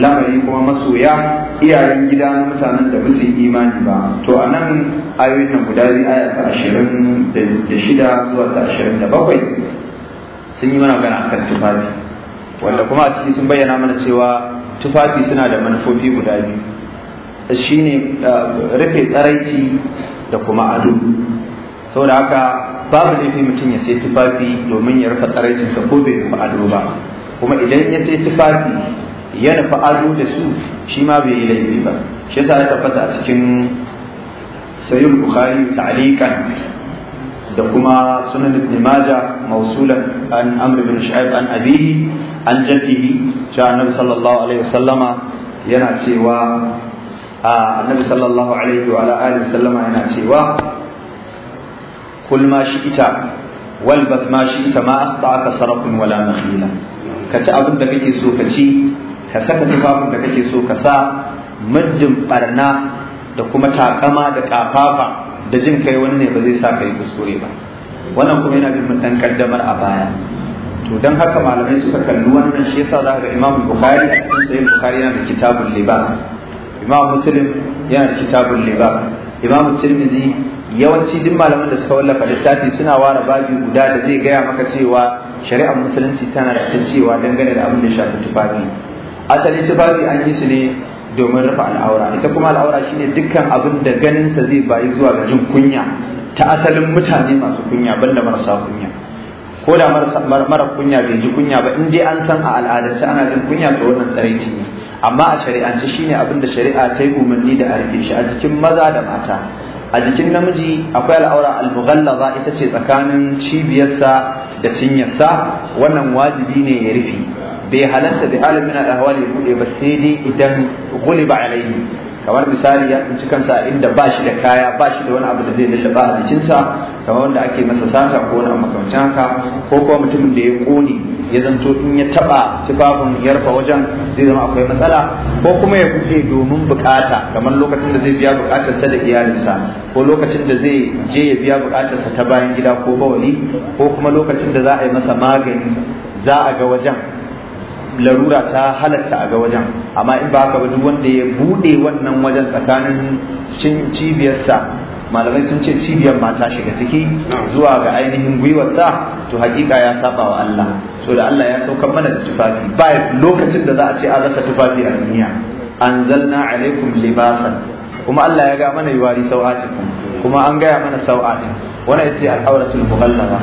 [SPEAKER 2] lamari kuma masoya iyayen gida na mutanen da musu imani ba to a nan ayoyin nan guda biyu aya ta ashirin da shida zuwa ta ashirin da bakwai sun yi mana magana akan tufafi wanda kuma a ciki sun bayyana mana cewa tufafi suna da manufofi guda biyu shine uh, rufe tsaraici da kuma ado saboda haka babu laifi mutum ya sai tufafi domin ya rufe tsaraicinsa ko bai rufe ado ba kuma idan ya sai tufafi ya nufi ado da su shi ma bai yi laifi ba shi yasa ya tabbata a cikin sayyid bukhari ta'liqan da kuma sunan ibn majah mausulan an amr bin shu'aib an abihi an jaddihi cewa annabi sallallahu alaihi wasallama yana cewa annabi sallallahu alaihi wa alihi wasallama yana cewa kul shi ita walbas ma shi ita ma asba'aka sarakun wala nakhila ka ci abin da kake so ka ci ka saka tufafin da kake so ka sa muddin barna da kuma takama da kafafa da jin kai wani ne ba zai sa ka yi kuskure ba wannan kuma yana bin mutan kaddamar a baya to dan haka malamai suka kalli wannan shi yasa za ga Imam Bukhari a cikin Sahih Bukhari yana da kitabul libas Imam Muslim yana da kitabul libas Imam Tirmidhi yawanci duk malaman da suka wallafa littafi suna ware babi guda da zai gaya maka cewa shari'ar musulunci tana da cewa dangane da abin da shafi tufafi asali tufafi an yi su ne domin rufe al'aura ita kuma al'aura shine dukkan abin da ganinsa zai bayi zuwa ga jin kunya ta asalin mutane masu kunya banda marasa kunya ko da mara kunya bai ji kunya ba in dai an san a al'adance ana jin kunya to wannan tsaraici ne amma a shari'ance shine abin da shari'a ta yi umarni da a shi a jikin maza da mata a jikin namiji akwai al'aura al-mughallaza ita ce tsakanin cibiyarsa da cinyarsa wannan wajibi ne ya rufe bai halatta da alamin al-ahwali ya bude ba sai dai idan ghuliba alaihi kamar misali ya tsinci kansa inda ba shi da kaya ba shi da wani abu da zai lullaba a jikinsa kamar wanda ake masa sata ko wani makamcin haka ko kuma mutumin da ya ƙone ya zanto in ya taɓa tufafin ya rufe wajen zai zama akwai matsala ko kuma ya buɗe domin buƙata kamar lokacin da zai biya bukatarsa da iyalinsa ko lokacin da zai je ya biya bukatarsa ta bayan gida ko bawali ko kuma lokacin da za a yi masa magani za a ga wajen larura ta halatta a ga wajen amma in ba ka ba duk wanda ya bude wannan wajen tsakanin cin cibiyarsa malamai sun ce cibiyar mata shiga ciki zuwa ga ainihin gwiwarsa to hakika ya saba wa Allah so da Allah ya saukar mana da tufafi ba lokacin da za a ce a rasa tufafi a duniya anzalna alaikum libasan kuma Allah ya ga mana yuwari sau'atikum kuma an gaya mana sau'atin wannan ita al'auratul mughallaza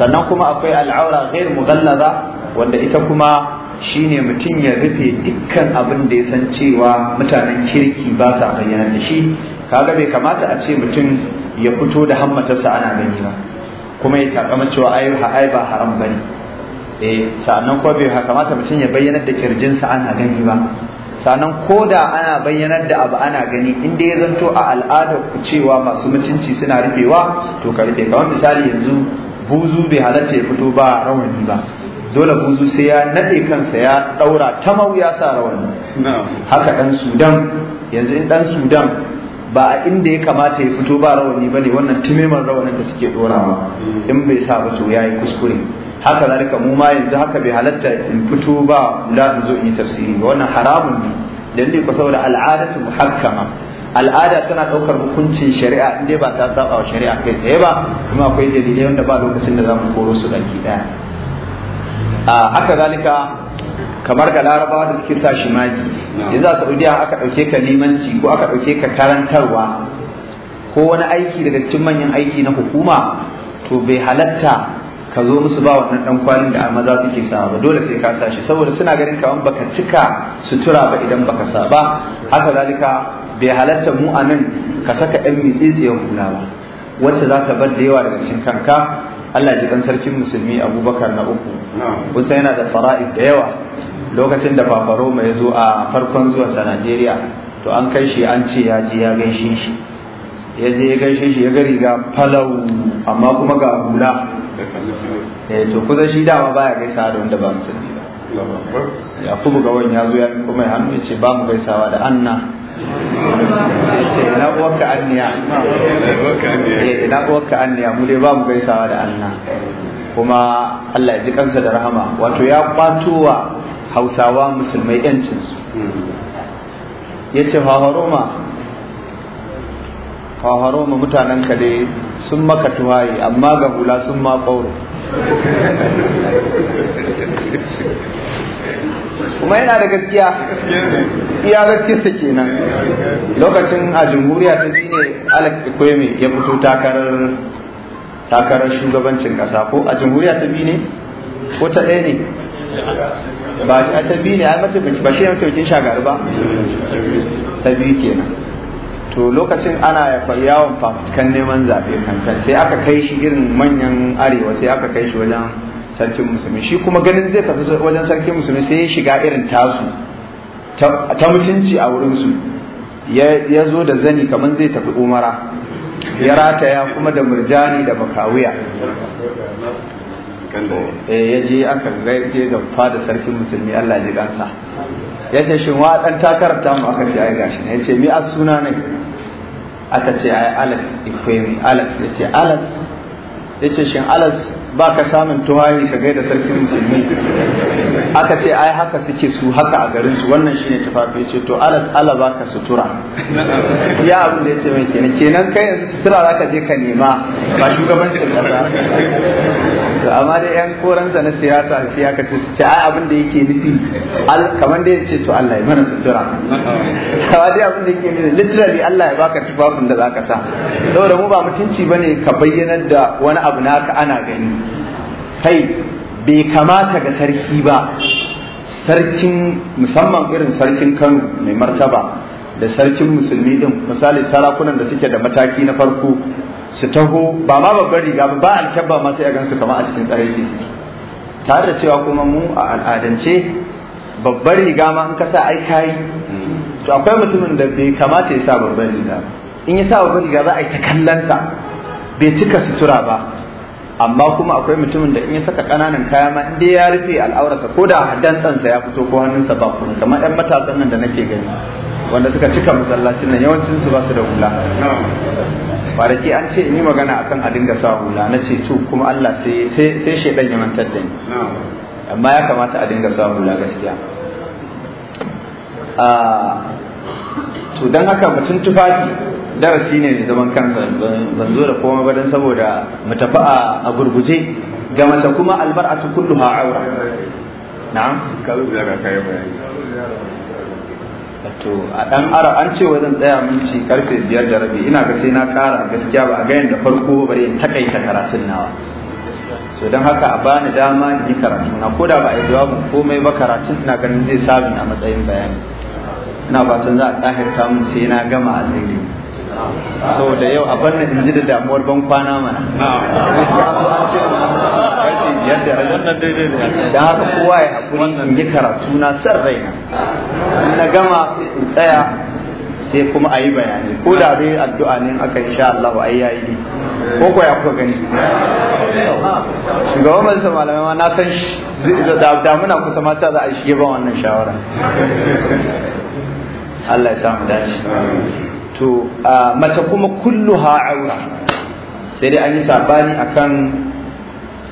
[SPEAKER 2] sannan kuma akwai al'aura ghair mughallaza wanda ita kuma shine mutum ya rufe dukkan abin da ya san cewa mutanen kirki ba sa bayyana da shi kaga bai kamata a ce mutum ya fito da hammatarsa ana gani ba kuma ya takama cewa ai ai ba haram bane eh sannan ko bai kamata mutum ya bayyana da kirjinsa ana gani ba sannan ko da ana bayyanar da abu ana gani inda ya zanto a al'adar ku cewa masu mutunci suna rufewa to ka rufe kamar misali yanzu buzu bai halatta ya fito ba rawani ba dole buzu sai ya naɗe kansa ya ɗaura ta ya sa rawani haka ɗan sudan yanzu in ɗan sudan ba a inda ya kamata ya fito ba rawani ba ne wannan tumiman rawanin da suke ɗorawa in bai sa ba to ya yi kuskure haka rika mu ma yanzu haka bai halatta in fito ba da in zo in yi tafsiri ba wannan haramun ne dalili ko saboda al'adatu muhakkama al'ada tana ɗaukar hukuncin shari'a inda ba ta saba wa shari'a kai tsaye ba kuma akwai dalilai wanda ba lokacin da za mu koro su ɗaki ɗaya haka zalika kamar ga larabawa da suke sa shimagi yanzu a saudiya aka ɗauke ka limanci ko aka ɗauke ka karantarwa ko wani aiki daga cikin manyan aiki na hukuma to bai halatta ka zo musu ba wannan dan kwalin da maza suke sa ba dole sai ka sa shi saboda suna ganin kaman baka cika sutura ba idan baka sa ba haka zalika bai halatta mu anan ka saka ɗan mitsitsiyar hula ba wacce za ta bar da yawa daga cikin kanka Allah ji kan sarkin musulmi Abubakar na uku kusa yana da fara'id da yawa lokacin da fafaro mai zo a farkon zuwansa Najeriya to an kai shi an ce ya je ya gaishe shi ya je ya gaishe shi ya ga riga falau amma kuma ga hula eh to kusa shi dama baya gaisa da wanda ba musulmi ba ya kuma ga wani ya zo ya kuma hannu ya ce ba mu gaisawa da Anna ce ina uwarka anniya eh, anniya mu dai ba gaisawa da Allah kuma Allah ya ji kansa da rahama wato ya kwato wa Hausawa musulmai yancinsu ya ce hawaroma mutanen ka sun maka tuwaye amma ga hula sun ma <laughs> kuma yana da gaskiya iya gaskiyarsa kenan lokacin a jamhuriya ta ne alex ikwemi ya fito takarar takarar shugabancin kasa ko a jamhuriya ta biyu ne ko ta ɗaya ne
[SPEAKER 3] ba a ta biyu ne a mace ba shi yanzu bikin
[SPEAKER 2] shagari ba ta biyu kenan to lokacin ana ya yawon fafutukan neman zaɓe kankan sai aka kai shi irin manyan arewa sai aka kai shi wajen sarkin musulmi shi kuma ganin zai tafi wajen sarkin musulmi sai ya shiga irin tasu ta mutunci a wurinsu ya zo da zani kamar zai tafi umara
[SPEAKER 4] ya rataya
[SPEAKER 2] kuma da murjani da makawiya eh, ya je aka gaje da fada sarkin musulmi Allah ji gansa ya ce shin wa dan takarta mu aka ce ai gashi ya ce mi a suna ne aka ce ai alas ikwemi alas ya ce alas ya ce shin alas ba ka samun tuwayi ka gaida sarkin musulmi aka ce ai haka suke su haka a garin su wannan shine tufafi ce to alas ala ba ka sutura ya abin da ya ce mai kenan kenan kai yanzu sutura za ka je ka nema ba shugabancin kasa to amma dai yan koransa na siyasa shi aka ce ci ai abin da yake nufi kamar da yace to Allah ya mana sutura kawa dai abin da yake nufi literally Allah ya baka tufafin da zaka sa saboda mu ba mutunci bane ka bayyanar da wani abu naka ana gani kai bai kamata ga sarki ba sarkin musamman irin sarkin Kano mai martaba da sarkin musulmi din misali sarakunan da suke da mataki na farko su taho ba ma babbar riga ba ba alkyabba ma sai a gansu kamar a cikin shi tare da cewa kuma mu a al'adance babbar riga ma in ka sa ai kai hmm. to akwai mutumin da bai kamata ya sa babbar riga in ya sa babbar riga za a yi ta kallonsa bai cika sutura ba amma kuma akwai mutumin da in ya saka ƙananan kaya ma inda ya rufe al'aurarsa ko da dantsansa ya fito ko hannunsa ba kuma kamar 'yan matasan nan da nake gani wanda suka cika masallacin nan yawancin su ba da hula kwanaki an ce in yi magana akan a dinga sa hula na ce to kuma Allah sai sai ya mantar da ni amma ya kamata a dinga sa hula gaskiya ah, to don haka mutum tufafi darasi ne da zaman kansa ban da koma ba don saboda mu tafi a gurguje ga mace kuma almar'atu kulluha aura na'am da ka bayani to a dan ara an ce wajen tsaya minti karfe biyar da rabi ina ga sai na kara gaskiya ba a ga da farko bari in takaita karatun nawa so don haka a bani dama in yi karatu na koda ba a yi jawabin komai ba karatun ina ganin zai sabin a matsayin bayani ina fatan za a tsahirta mun sai na gama a tsaye saboda yau a banna in ji da damuwar ban kwana mana yadda da haka kowa ya haƙuri in yi karatu na san raina in na gama in tsaya sai kuma a yi bayani ko da dai addu'a ne aka sha Allah ai yayi yi ko ko ya kuka gani shugaban ban san malamai ma na san shi da damuna kusa mata za a shige ba wannan shawara Allah ya samu dace to mace kuma kulluha aura sai dai an yi sabani akan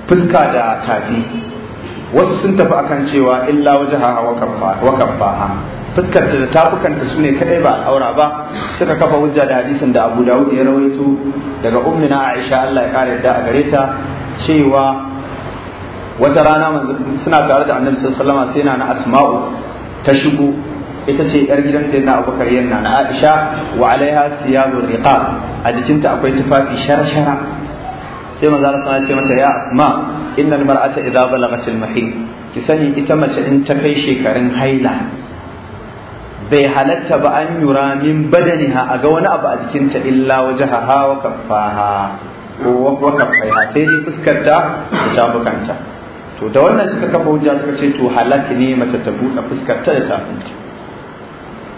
[SPEAKER 2] fuska da tafi wasu sun tafi akan cewa illa wajaha wa kaffaha fuskar da tafukanta su ne kadai ba aura ba suka kafa hujja da hadisin da Abu Dawud ya su daga ummina Aisha Allah ya kare da a gare ta cewa wata rana suna tare da Annabi sallallahu alaihi sai na Asma'u ta shigo ita ce yar gidan na Abubakar yana na Aisha wa alaiha thiyabur riqab a jikinta akwai tufafi shara shara. sai maza Allah ce mata ya asma inna mar'ata idza balagatil mahi ki sani ita mace in ta kai shekarun haila bai halatta ba an yura min badaniha a ga wani abu a jikinta illa wajhaha wa kaffaha ko wa kaffaha sai dai ta da tabukanta to da wannan suka kafa hujja suka ce to halak ne mace ta buɗe ta da tabukanta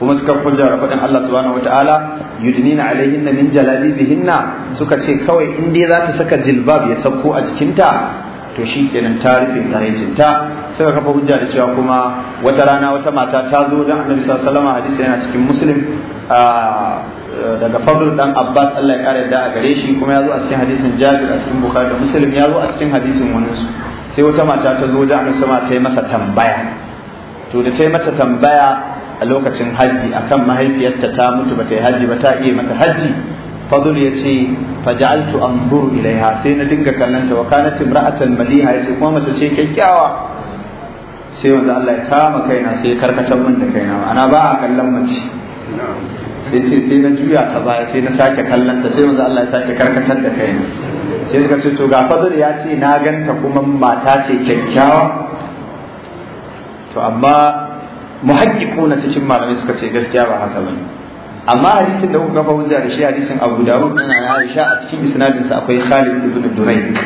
[SPEAKER 2] kuma suka kunja da Allah subhanahu wataala yudnina alaihin min jalabibihinna suka ce kawai in dai za ta saka jilbab ya sauko a jikinta to shi kenan ta rufe ta suka kafa hujja da cewa kuma wata rana wata mata ta zo don annabi sallallahu alaihi wasallam hadisi yana cikin muslim daga fadl dan abbas Allah ya kare da a gare shi kuma ya zo a cikin hadisin jabir a cikin bukhari da muslim ya zo a cikin hadisin wani su sai wata mata ta zo da annabi sallallahu alaihi wasallam ta yi masa tambaya to da ta yi mata tambaya a lokacin hajji akan mahaifiyarta ta mutu ba ta yi hajji ba ta iya mata hajji fadul ya ce faja'altu anzuru ilaiha sai na dinga kallanta wa kanat imra'atan maliha yace kuma mace ce kyakkyawa sai wanda Allah ya kama kaina sai karkatar mun da kaina ana ba a kallon mace sai ce sai na juya ta baya sai na sake ta sai wanda Allah ya sake karkatar da kaina sai suka ce to ga fadul ya ce na ganta kuma mata ce kyakkyawa to amma muhaqqiquna cikin malamai suka ce gaskiya ba haka bane amma hadisin da kuka gaba hujja da shi hadisin Abu Dawud na Aisha a cikin isnadin sa akwai Khalid ibn Durayk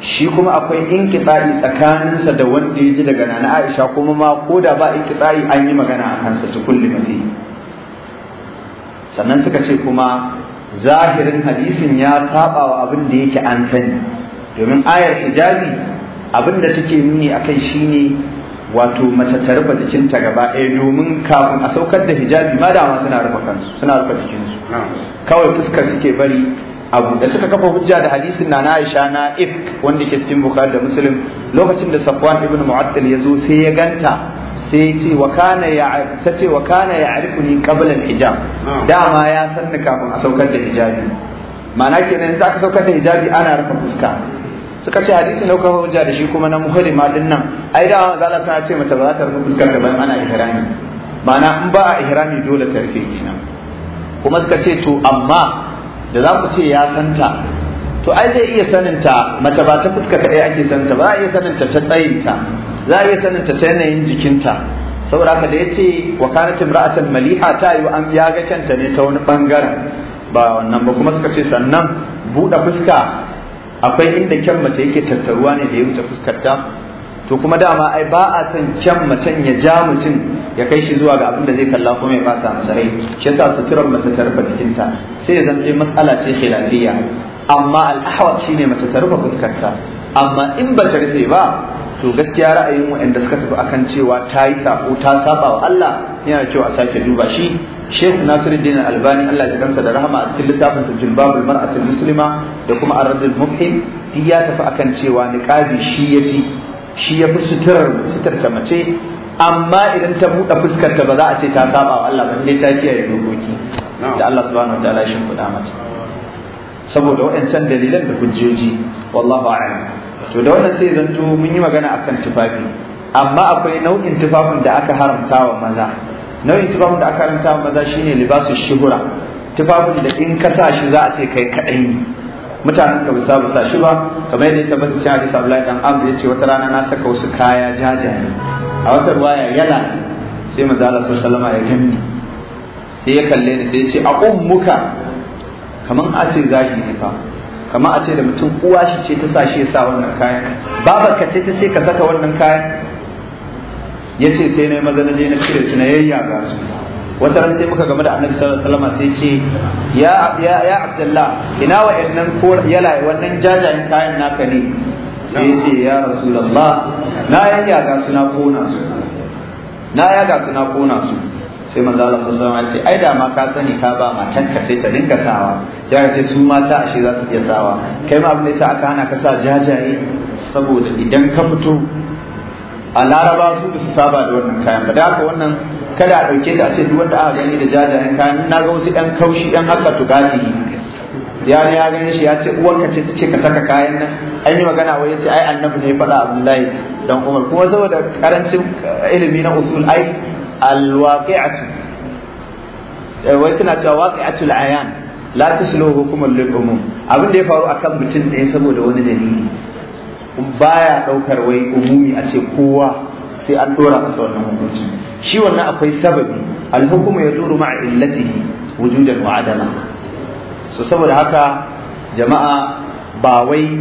[SPEAKER 2] shi kuma akwai inqita'i tsakanin sa da wanda ya ji daga Nana Aisha kuma ma ko da ba inqita'i an yi magana a kansa ta kulli mafi sannan suka ce kuma zahirin hadisin ya saba wa abin da yake an sani domin ayar hijabi abin da take nuni akai shine wato mace ta rufe jikinta gaba ɗaya domin kafin a saukar da hijabi ma dama suna rufe kansu suna rufe jikinsu kawai fuskar suke bari abu da suka kafa hujja da hadisin na na Aisha na ifk wanda ke cikin Bukhari da Muslim lokacin da Safwan ibn Mu'attal ya zo sai ya ganta sai ce wa kana ya ta ce wa kana ya arifuni qabla al-hijab dama ya sanni kafin a saukar da hijabi ma'ana kenan da aka saukar da hijabi ana rufe fuska suka ce hadisi na kafa hujja da shi kuma na ma din nan ai da za Allah ta ce mace ba za ta rufe fuskar ta bayan ana ihrami ma'ana in ba a ihrami dole ta rufe kenan kuma suka ce to amma da za ku ce ya santa to ai zai iya sanin ta mace ba ta fuska kadai ake sanin ta ba za a iya sanin ta ta tsayin ta za a iya sanin ta ta yanayin jikinta saboda haka da yace wa kanat imra'atan maliha ta yi an ya ga kanta ne ta wani bangaren ba wannan ba kuma suka ce sannan buɗe fuska akwai inda kyan mace yake tattaruwa ne da ya wuce fuskarta to kuma dama ai ba a san kyan macen ya ja mutum ya kai shi zuwa ga abin da zai kalla kuma ya bata masa rai shi yasa suturar mace ta rufe jikinta sai ya zance matsala ce khilafiyya amma al shine mace ta rufe fuskarta amma in ba ta rufe ba to gaskiya ra'ayin wa'anda suka tafi akan cewa ta yi sako ta saba wa Allah yana da kyau a sake duba shi Sheikh Nasiruddin Albani Allah ya kansa da rahama a cikin littafin sa Jilbabul Mar'atul Muslima da kuma Ar-Raddul ya tafi akan cewa niqabi shi yafi shi yafi suturar sutar ta mace amma idan ta buɗe fuskar ta ba za a ce ta saba wa Allah ba dai ta kiyaye dokoki da Allah subhanahu wataala ya shimfiɗa mata saboda waɗancan dalilan da hujjoji wallahu a'lam to da wannan sai zanto mun yi magana akan tufafi amma akwai nau'in tufafin da aka haramta wa maza nau'in tufafin da aka ranta maza shine libasu shigura tufafin da in ka sa shi za a ce kai kaɗai ne mutanen ka bisa bisa shi ba kamar yadda ya tabbata cikin hadisi Abdullahi dan Amr yace wata rana na saka wasu kaya jajaye a wata ruwaya yana sai maza Allah sun salama ya gani sai ya kalle ni sai ya ce a muka kamar a ce zaki ne fa kamar a ce da mutum uwa shi ce ta sa shi ya sa wannan kayan babarka ce ta ce ka saka wannan kayan yace sai na maza na je na cire su na yayyaga su wata ran sai muka game da annabi sallallahu alaihi wasallam sai ce ya ya ya abdullah ina wa'annan ko yala wannan jajayen kayan naka ne sai ce ya rasulullah na yayyaga su na kona su na yaga su na kona su sai manzo Allah sallallahu alaihi wasallam ya ce ai da ma ka sani ka ba tanka sai ta dinga sawa ya ce su mata ashe za su iya sawa kai ma abin da yasa aka hana ka sa jajaye saboda idan ka fito a laraba su su saba da wannan kayan ba da haka wannan kada a ɗauke ta a ce duk wanda aka gani da jajayen kayan na ga wasu 'yan kaushi 'yan haka tugati ya ne ya gani shi ya ce uwanka ce ta ce ka saka kayan nan an yi magana wai ya ce ai annabi ne ya faɗa abdullahi dan umar kuma saboda karancin ilimi na usul ai alwaqi'atu eh, wai tana cewa waqi'atul ayan la tasluhu hukumul lil umum abin da ya faru akan mutum ɗaya saboda wani dalili baya daukar wai umumi a ce kowa sai an dora masa wannan hukunci shi wannan akwai sababi alhukumu yaduru ma'a illatihi wujudan wa adama so saboda haka jama'a ba wai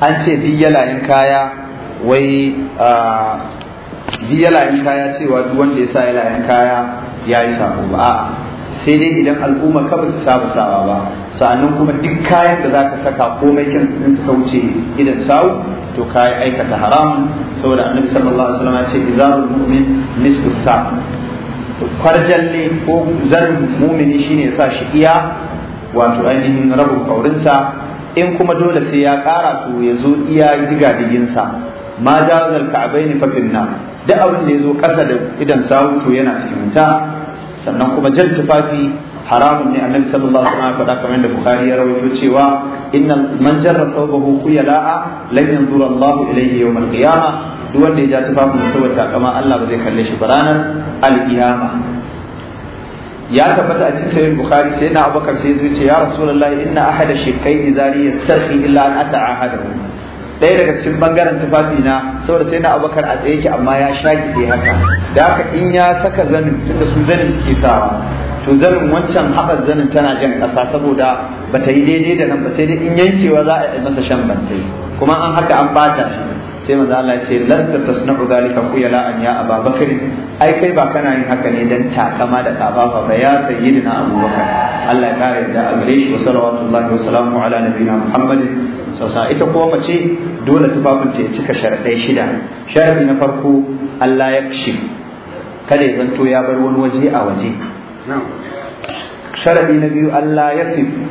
[SPEAKER 2] an ce diyalayen kaya wai diyalayen kaya cewa duk wanda ya sa yalayen kaya ya yi sabo ba a'a sai dai idan al'umma ka su saba sawa ba sa'annan kuma duk kayan da ka saka komai kyan su suka wuce idan sawu to ka aikata haram saboda annabi sallallahu alaihi wasallam ya ce izarul mu'min nisfu sa kwarjalle ko zarin mumini shine yasa sa shi iya wato ainihin rabin kaurinsa in kuma dole sai ya kara to ya zo iya sa ma jawazal ka'abaini fa finna duk abin da ya zo kasa da idan sawu to yana cikin ta sannan kuma jan tufafi haramun ne annabi sallallahu alaihi wasallam faɗa kamar da bukhari ya rawaito cewa inna man jarra thawbahu khuyala'a lam yanzura Allah ilayhi yawm al a duk wanda ya ja tufafin saboda takama Allah ba zai kalle shi ba ranar al-qiyamah ya tabbata a cikin sahih bukhari sai na abubakar sai zuciya ya rasulullahi inna ahada shikkai izari yastahi illa an ata'ahadahu ɗaya daga cikin bangaren tufafi na saboda sai na abakar a tsaye amma ya sha gide haka da haka in ya saka zanin tunda su zanin suke sawa to zanin wancan haɓa zanin tana jan ƙasa saboda ba ta yi daidai da nan ba sai dai in yankewa za a yi masa shan bantai kuma an haka an bata shi sai manzo Allah ya ce lanta tasna'u zalika khuyala an ya a Babakari. ai kai ba kana yin haka ne dan takama da kababa ba ya sayyidina abubakar Allah ya kare da gare shi sallallahu wa sallamu ala nabiyina muhammad Sosa ita kuma mace dole tufafin ya cika sharadai shida sharadi na farko Allah ya kishi kada ya zanto ya bar wani waje a waje sharadi na biyu Allah ya sifu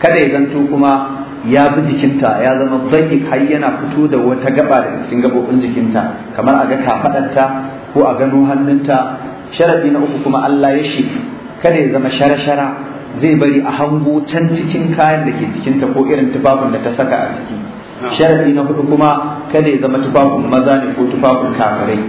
[SPEAKER 2] kada ya zanto kuma ya bi jikinta ya zama bayyik har yana fito da wata gaba daga cikin gabobin jikinta kamar a ga kafadarta ko a gano hannunta sharadi na uku kuma Allah ya shi kada ya zama shara-shara zai bari a hango can cikin kayan da ke jikinta ko irin tufafin da ta saka a ciki sharadi na hudu kuma kada ya zama tufafin maza ne ko tufafin kafirai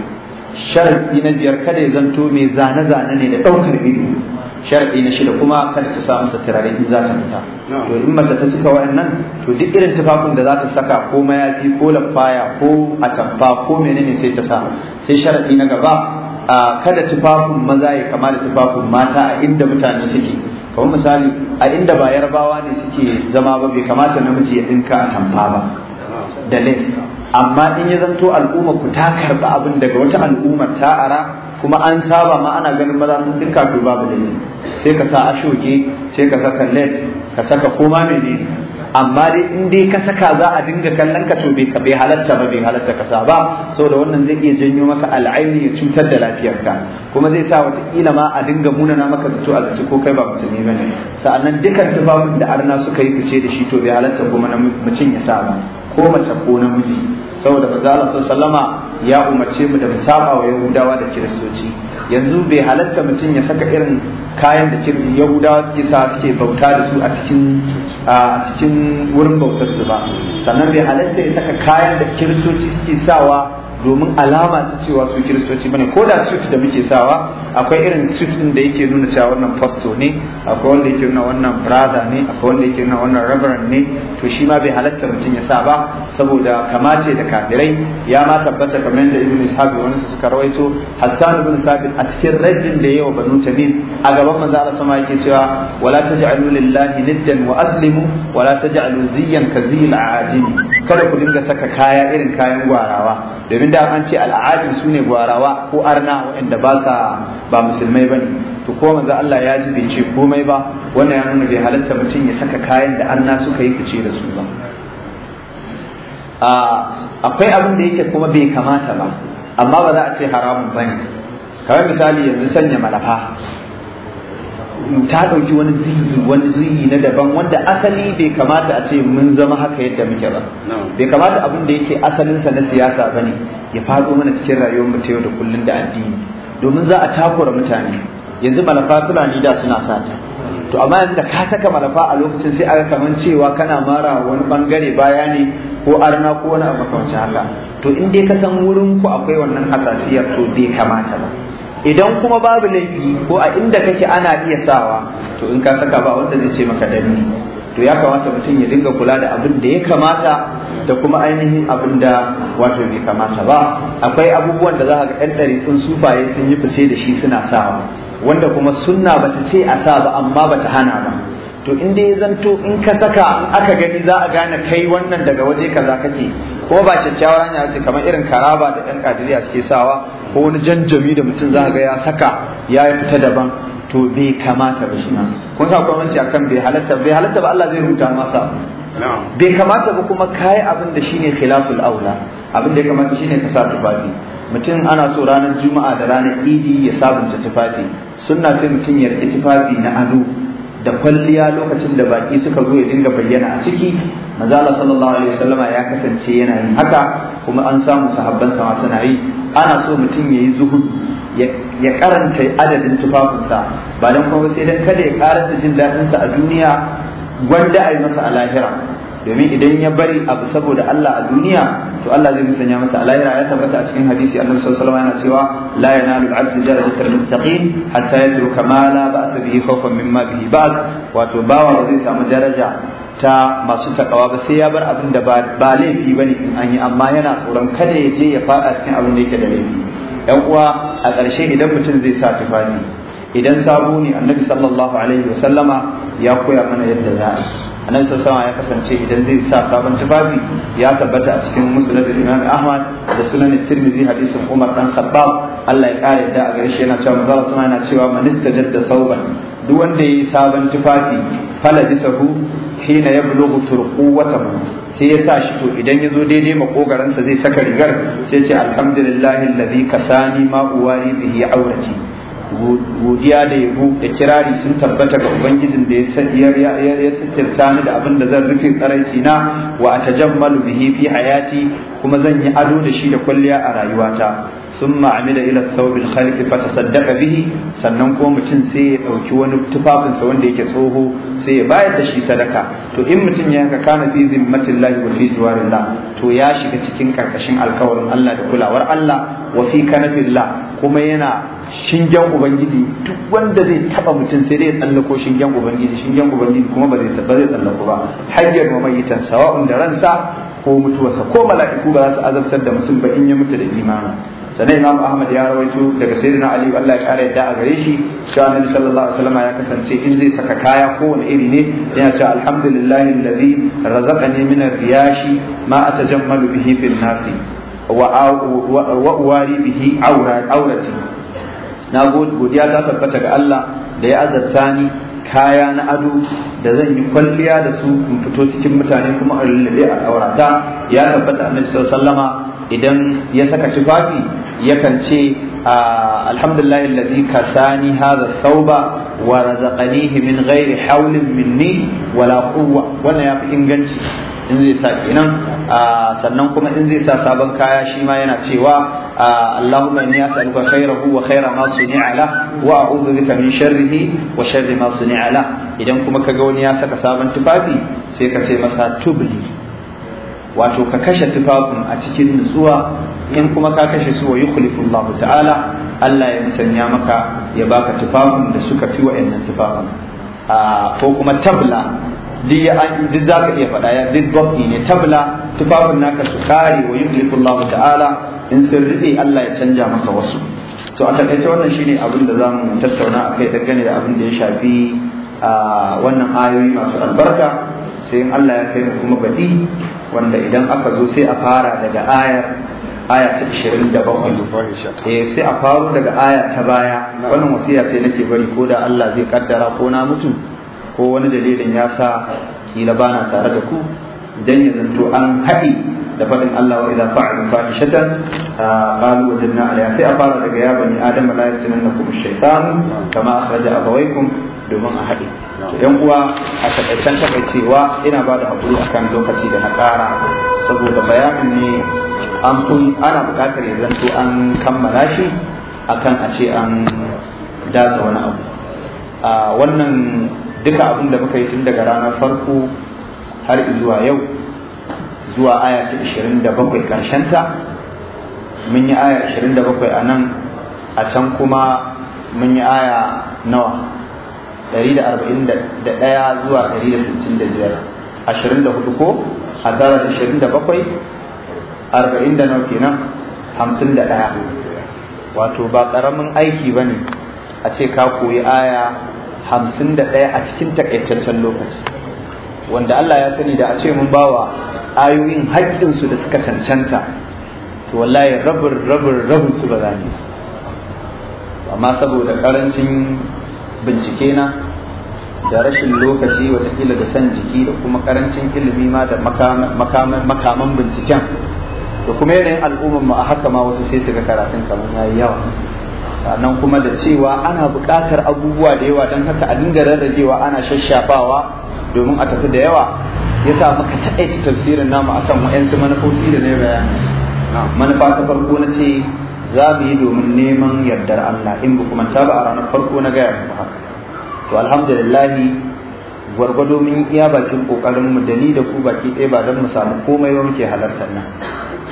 [SPEAKER 2] sharadi na biyar kada ya zanto mai zane-zane ne da ɗaukar ido sharadi na shida kuma kada ta samu turare in za ta fita to in mace ta cika waɗannan to duk irin tufafin da za ta saka ko mayafi ko lafaya ko atamfa ko menene sai ta sa sai sharadi na gaba kada tufafin maza ya kama da tufafin mata a inda mutane suke kamar misali a inda ba yarbawa ne suke zama ba bai kamata namiji ya dinka atamfa ba da les. amma in ya zanto al'umma ku ta karba abin daga wata al'ummar ta ara kuma an saba ma ana ganin maza sun dinka to babu da sai ka sa ashoke sai ka saka net ka saka koma mene amma dai in dai ka saka za a dinga kallon ka to bai bai halatta ba bai halatta ka sa ba saboda wannan zai iya janyo maka al'aini ya cutar da lafiyarka kuma zai sa wataƙila ma a dinga munana maka zato a zaci ko kai ba musulmi bane sa'annan dukkan tufafin da arna suka yi fice da shi to bai halatta kuma mutum ya sa ba ko mace ko namiji saboda manzo Allah sallama ya umarce mu da mu saba wa Yahudawa da Kiristoci yanzu bai halatta mutum ya saka irin kayan da Yahudawa suke sa suke bauta da su a cikin a cikin wurin bautar su ba sannan bai halatta ya saka kayan da Kiristoci suke sawa domin alama ta cewa su kiristoci bane ko da suit da muke sawa akwai irin suit din da yake nuna cewa wannan pastor ne akwai wanda yake nuna wannan brother ne akwai wanda yake nuna wannan reverend ne to shi ma bai halatta mutum ya sa ba saboda kamace da kafirai ya ma tabbata kamar yadda ibn ishaq da wani suka rawaito hassan ibn sabit a cikin rajin da yawa banu tamim a gaban manzo Allah sama yake cewa wala taj'alu lillahi niddan wa aslimu wala taj'alu ziyyan kazil ajim kada ku dinga saka kaya irin kayan gwarawa domin Inda da an ce al'adin su ne gwarawa ko arna waɗanda ba sa ba musulmai ba ne to ko manzo Allah ya ji bai ce komai ba wannan ya nuna bai halatta mutum ya saka kayan da arna suka yi fice da su ba akwai abin da yake kuma bai kamata ba amma ba za a ce haramun bane ne kamar misali yanzu sanya malafa ta ɗauki wani ziyi wani ziyi na daban wanda asali bai kamata a ce mun zama haka yadda muke ba bai kamata abin da yake asalinsa na siyasa ba ne ya faɗo mana cikin rayuwar mu ta yau da kullun da addini domin za a takura mutane yanzu malafa fulani da suna sata to amma yanzu da ka saka malafa a lokacin sai aka kaman cewa kana mara wani bangare baya ne ko arna ko wani abu kamar haka to in dai ka san wurin ku akwai wannan hasasiyar to bai kamata ba idan kuma babu laifi ko a inda kake ana iya sawa to in ka saka ba wanda zai ce maka danni to ya kamata mutum ya dinga kula da abin da ya kamata da kuma ainihin abin da wato bai kamata ba akwai abubuwan da za ka ga ɗan ɗariƙun sufaye sun yi fice da shi suna sawa wanda kuma sunna bata ce a sa ba amma bata hana ba to in dai zanto in ka saka aka gani za a gane kai wannan daga waje kaza kake ko ba kyakkyawar hanya ce kamar irin karaba da ɗan kadiriya suke sawa ko wani janjami da mutum za ga ya saka ya yi fita daban to bai kamata ba shi kun sa kwamanci akan bai halatta bai halatta ba Allah zai rubuta masa bai kamata ba kuma kayi abin da shine khilaful aula abin da ya kamata shine ka sa tufafi mutum ana so ranar juma'a da ranar idi ya sabunta tufafi sunna sai mutum ya rike tufafi na ado da kwalliya lokacin da baki suka zo ya dinga bayyana a ciki manzala sallallahu alaihi wasallama ya kasance yana yin haka kuma an samu sahabban sama suna yi ana so mutum ya yi zuhud ya karanta adadin tufafinsa ba dan kuma sai dan kada ya karanta jin daɗinsa a duniya gwanda a yi masa a lahira domin idan ya bari abu saboda Allah a duniya to Allah zai musanya masa a ya tabbata a cikin hadisi annabi sallallahu alaihi yana cewa la yanalu al-abdu darajatal muttaqin hatta yatruka ma la ba'sa bihi khawfan mimma bihi ba'd wato bawa ba zai samu daraja ta masu takawa ba sai ya bar abin da ba laifi bane in an yi amma yana tsoron kada ya je ya fada cikin abin da yake da laifi yan uwa a ƙarshe idan mutum zai sa tufafi idan sabo ne annabi sallallahu alaihi wasallama ya koya mana yadda za a yi annabi sallallahu ya kasance idan zai sa sabon tufafi ya tabbata a cikin musnad imam ahmad da sunan tirmidhi hadisin umar dan khattab Allah ya kare da a gare shi yana cewa manzo sallallahu yana cewa man istajadda sauran. duk wanda yayi sabon tufafi faladisahu hina yablughu turquwatahu sai ya sa shi to idan ya zo daidai makogaransa zai saka rigar sai ya ce alhamdulillahi alladhi kasani ma uwari bihi aurati godiya da yabo da kirari sun tabbata ga ubangijin da ya sitirta ni da abin da zan rufe tsaraici na wa atajammalu bihi fi hayati kuma zan yi ado da shi da kwalliya a rayuwata sun ma'amila ila thawbil khalqi fa bihi sannan kuma mutum sai ya dauki wani tufafinsa wanda yake tsoho sai ya bayar da shi sadaka to in mutum ya ka kana fi zimmatillahi wa fi jiwarillah to ya shiga cikin karkashin alkawarin Allah da kulawar Allah wa fi kanafillah kuma yana shingen ubangiji duk wanda zai taba mutum sai dai tsallako shingen ubangiji shingen ubangiji kuma ba zai ba zai tsallako ba ma wa mayitan sawa'un da ransa ko mutuwarsa ko mala'iku ba za su azabtar da mutum ba in ya mutu da imani sannan imam ahmad ya rawaito daga sayyidina ali Allah ya kara yadda a gare shi cewa annabi sallallahu alaihi wasallam ya kasance in zai saka kaya kowane iri ne ya cewa alhamdulillahi allazi razaqani min ar-riyashi ma atajammalu bihi fil nasi wa wa bihi awrati na godiya ta tabbata ga Allah da ya azarta ni kaya na ado da zan yi kwalliya da su in fito cikin mutane kuma a lullube a aurata ya tabbata annabi sallama idan ya saka tufafi yakan ce alhamdulillah allazi kasani hadha thawba wa razaqanihi min ghairi hawlin minni wala quwwa wannan fi inganci in zai sa kenan sannan kuma in zai sa sabon kaya shi ma yana cewa Allahumma inni as'aluka khairahu wa khaira ma suni'a la wa a'udhu bika min sharrihi wa sharri ma suni'a la idan kuma kaga wani ya saka sabon tufafi sai ka ce masa tubli wato ka kashe tufafin a cikin nutsuwa in kuma ka kashe su wa yukhlifu Allah ta'ala Allah ya sanya maka ya baka tufafin da suka fi wa'annan tufafin ko kuma tabla duk ya an duk zaka iya faɗa ya duk ne tabla tufafin naka su kare wa yuflifullahu ta'ala in sun Allah ya canja maka wasu to a takaice wannan shine abin da zamu tattauna kai dangane da abin da ya shafi a wannan ayoyi masu albarka sai in Allah ya kai mu kuma badi wanda idan aka zo sai a fara daga ayar aya ta 27 eh sai a faro daga aya ta baya wannan wasiya sai nake bari ko da Allah zai kaddara ko na mutu ko wani dalilin ya sa kila ba na tare da ku idan ya zanto an haɗi da faɗin Allah wa idza fa'alu fahishatan qalu wajen alaiha sai a fara daga ya bani adama la na kuma shaytan kama akhraja abawaykum domin a haɗi. yan uwa a takaitan takaicewa ina ba da haƙuri akan lokaci da na ƙara saboda bayanin ne an ana buƙatar ya zanto an kammala shi akan a ce an daza wani abu a wannan duka abin da muka yi tun daga ranar farko har zuwa yau zuwa aya ta 27 karshenta mun yi aya 27 a nan a can kuma mun yi aya nawa 141 zuwa 165 24 ko a zarar 27 49 da nau kenan 51 wato ba ƙaramin aiki ba ne a ce ka koyi aya hamsin da ɗaya a cikin takaitaccen lokaci wanda Allah ya sani da a ce mun bawa ayoyin su da suka cancanta to wallahi rabin rabin rabin su ba za ni amma saboda ƙarancin bincike na da rashin lokaci watakila da san jiki da kuma karancin ilimi ma da makaman binciken da kuma yanayin al'ummar mu a haka ma wasu sai su ga karatun kamar yayi yawa sannan kuma da cewa ana buƙatar abubuwa da yawa don haka a dinga rarrabewa ana shashafawa domin a tafi da yawa ya sa maka taƙaita tafsirin namu akan wa'yansu manufofi da na bayani manufa ta farko na ce za mu yi domin neman yardar Allah in ba kuma ta ba a ranar farko na gaya muku haka to alhamdulillah gwargwado mun iya bakin kokarin mu da ni da ku baki ɗaya ba don mu samu komai ba muke halartar nan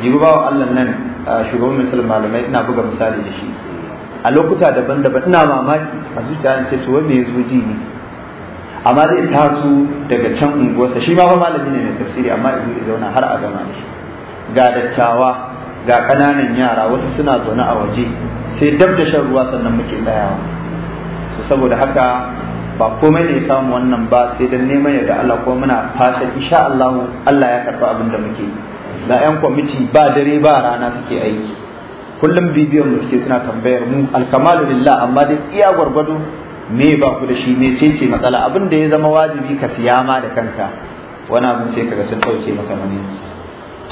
[SPEAKER 2] jibi bawa Allah nan shugaban musulmi malamai ina buga misali da shi a lokuta daban-daban ina mamaki a zuciya ce to wanda ya zo ji ne amma zai taso daga can unguwarsa shi ma fa malami ne mai tafsiri amma yanzu ya zauna har a gama shi ga dattawa ga ƙananan yara wasu suna zaune a waje sai dab da shan ruwa sannan muke tsayawa so saboda haka ba komai ne ya samu wannan ba sai dan neman yarda Allah ko muna fasa insha Allah Allah ya karɓi abin da muke da 'yan kwamiti ba dare ba rana suke aiki kullum bibiyan mu suke suna tambayar mu alkamalu lillah amma dai iya gwargwado me ba ku da shi me ce ce matsala abin da ya zama wajibi ka siya ma da kanka wani abin sai kaga sun dauke maka maniyinsa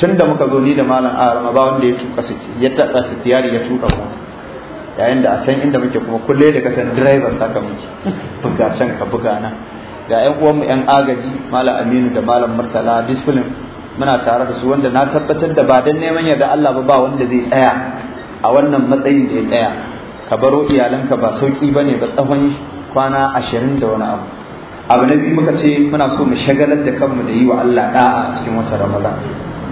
[SPEAKER 2] tun da muka zo ni da malam arama ba wanda ya tuka su ya tada su tiyari ya tuka ku yayin da a can inda muke kuma kulle da kasan driver saka muke buga can ka buga nan ga yan uwanmu yan agaji malam aminu da malam murtala discipline muna tare da su wanda na tabbatar da ba dan neman yadda Allah ba ba wanda zai tsaya a wannan matsayin da ya tsaya ka baro iyalanka ba sauki ba ne ba tsawon kwana ashirin da wani abu abu na biyu muka ce muna so mu shagalar da kanmu da yi wa Allah da'a a cikin wata ramadan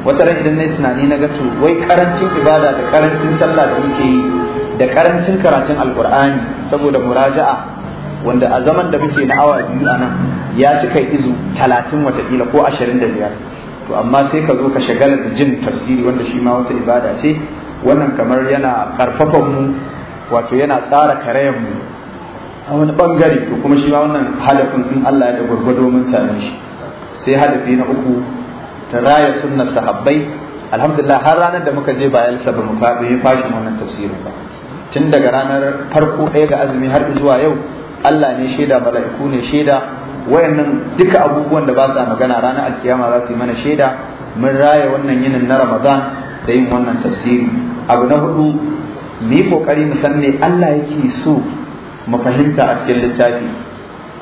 [SPEAKER 2] wata ran idan na yi tunani na ga wai karancin ibada da karancin sallah da muke yi da karancin karatun alkur'ani saboda muraja'a wanda a zaman da muke na awa biyu a nan ya cika izu talatin watakila ko ashirin da biyar to amma sai ka zo ka shagala da jin tafsiri wanda shi ma wata ibada ce wannan kamar yana karfafan mu wato yana tsara karayen mu a wani bangare to kuma shi ma wannan halafin in Allah ya da gwargwado mun same shi sai halafi na uku ta raya sunnar sahabbai alhamdulillah har ranar da muka je ba yalsa ba mu yi fashi wannan tafsirin ba tun daga ranar farko ɗaya ga azumi har zuwa yau Allah ne shaida mala'iku ne shaida wayannan duka abubuwan da ba sa magana ranar alkiyama za su yi mana shaida mun raya wannan yinin na Ramadan da yin wannan tafsiri abu na hudu mu yi kokari mu san me Allah yake so mu fahimta a cikin littafi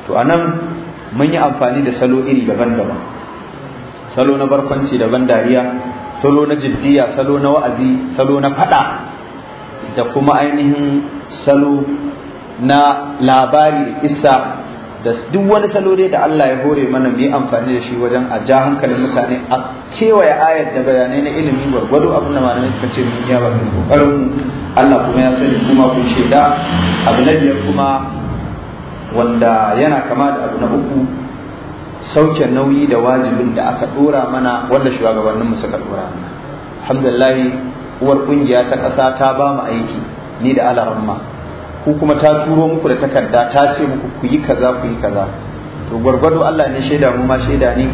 [SPEAKER 2] to anan mun yi amfani da salo iri daban-daban salo na barkwanci daban dariya salo na jiddiya salo na wa'azi salo na fada da kuma ainihin salo na labari da kissa da duk wani salo da Allah ya hore mana mu yi amfani da shi wajen a ja hankalin mutane a kewaye ayar da bayanai na ilimi gwargwado abin da malamai suka ce mun ba mu kokarin Allah kuma ya sani kuma kun shaida abu na biyar kuma wanda yana kama da abu na uku sauke nauyi da wajibin da aka dora mana wanda shugabannin mu suka dora mana alhamdulillah uwar kungiya ta kasa ta ba mu aiki ni da alaramma Ku kuma ta turo muku da takarda ta ce muku ku yi kaza ku yi kaza to gwargwado Allah ne shaida mu ma shaida ne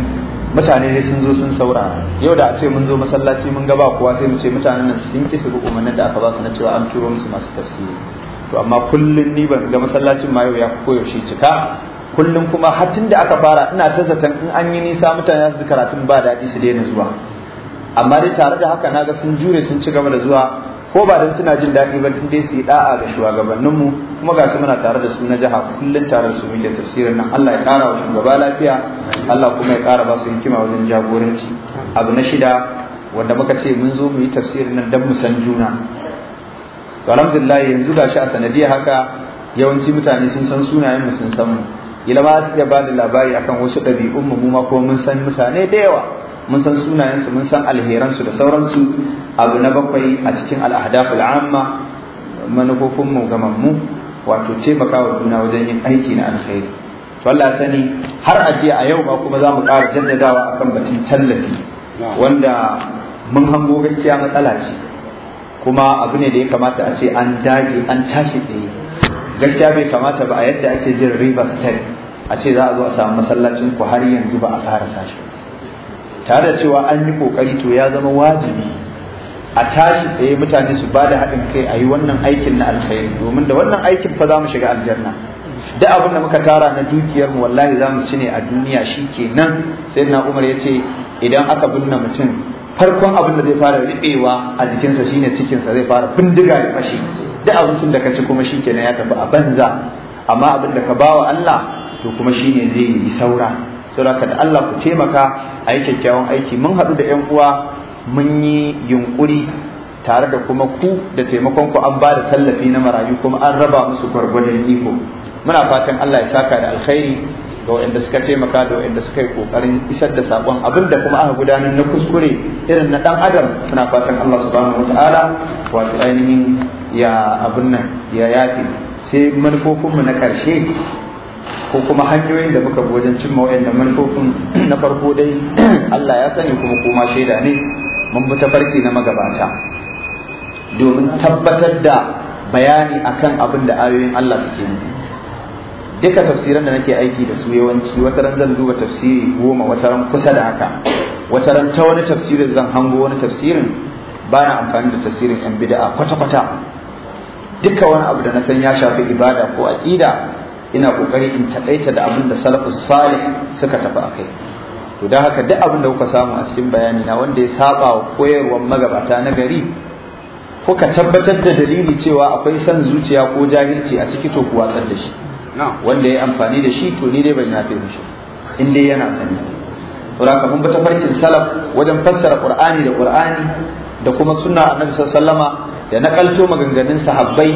[SPEAKER 2] mutane ne sun zo sun saurara yau da a ce mun zo masallaci mun gaba kowa sai mu ce mutanen nan sun kisa ga umarnin da aka ba su na cewa an turo musu masu tafsiri to amma kullun ni ban ga masallacin ma yau ya koyaushe cika kullum kuma hatin da aka fara ina ta zatan in an yi nisa mutane za su karatun ba daɗi su daina zuwa amma dai tare da haka na ga sun jure sun ci gaba da zuwa ko ba don suna jin daɗi ba tun dai su yi da'a ga shugabanninmu kuma ga su muna tare da su na jiha kullum tare da su muke tafsirin nan Allah ya ƙara wa shugaba lafiya Allah kuma ya ƙara ba su hikima wajen jagoranci abu na shida wanda muka ce mun zo mu yi tafsirin nan dan mu san juna to alhamdulillah yanzu shi a sanadiyar haka yawanci mutane sun san sunayen mu sun san mu ila ba su iya ba da labari akan wasu ɗabi'un mu ma ko mun san mutane da yawa mun san sunayen su mun san alheran su da sauransu abu na bakwai a cikin al'adaful amma manufofin mu ga wato taimaka wa juna wajen yin aiki na alkhairi to Allah sani har a a yau ba kuma za mu ƙara jaddadawa akan batun tallafi wanda mun hango gaskiya matsala ce kuma abu ne da ya kamata a ce an dage an tashi tsaye gaskiya bai kamata ba a yadda ake jin riba style a ce za a zo a samu masallacin ku har yanzu ba a ƙara sashi tare da cewa an yi ƙoƙari to ya zama wajibi a tashi tsaye mutane su ba da haɗin kai a yi wannan aikin na alkhairi domin da wannan aikin fa za mu shiga aljanna da abin da muka tara na dukiyar mu wallahi za mu ci ne a duniya shi ke nan. sai na umar ya ce idan aka binne mutum farkon abin da zai fara riɓewa a jikinsa shine cikinsa zai fara bindiga ya fashi. da abincin da ka ci kuma shi kenan ya tafi a banza amma abin da ka bawa Allah to kuma shine zai yi saura saboda da Allah ku taimaka a yi kyakkyawan aiki mun haɗu da 'yan uwa mun yi yunkuri tare da kuma ku da taimakon ku an ba da tallafi na marayu kuma an raba musu gwargwadon iko muna fatan Allah ya saka da alkhairi ga wanda suka taimaka da wanda suka yi kokarin isar da saƙon abin da kuma aka gudanar na kuskure irin na dan adam muna fatan Allah subhanahu wataala wato ainihin ya abin nan ya yafi sai manufofinmu na ƙarshe ko kuma hanyoyin da muka wajen cimma waɗannan manufofin na farko dai Allah ya sani kuma kuma shaida ne mun bi tafarki na magabata domin tabbatar da bayani akan abin da ayoyin Allah suke nufi duka tafsiran da nake aiki da su yawanci wata ran zan duba tafsiri goma wata ran kusa da haka wata ran ta wani tafsirin zan hango wani tafsirin bana amfani da tafsirin yan bid'a kwata kwata duka wani abu da na san ya shafi ibada ko aqida ina kokari in takaita da abin da salafus salih suka tafi akai to don haka duk abin da kuka samu a cikin bayani na wanda ya saba wa koyarwar magabata na gari kuka tabbatar da dalili cewa akwai son zuciya ko jahilci a ciki to ku watsar da shi wanda ya amfani da shi to ni dai ban yafe mishi in dai yana sani saboda haka mun bi farkin salaf wajen fassara qur'ani da qur'ani da kuma sunna annabi sallallahu da kalto maganganun sahabbai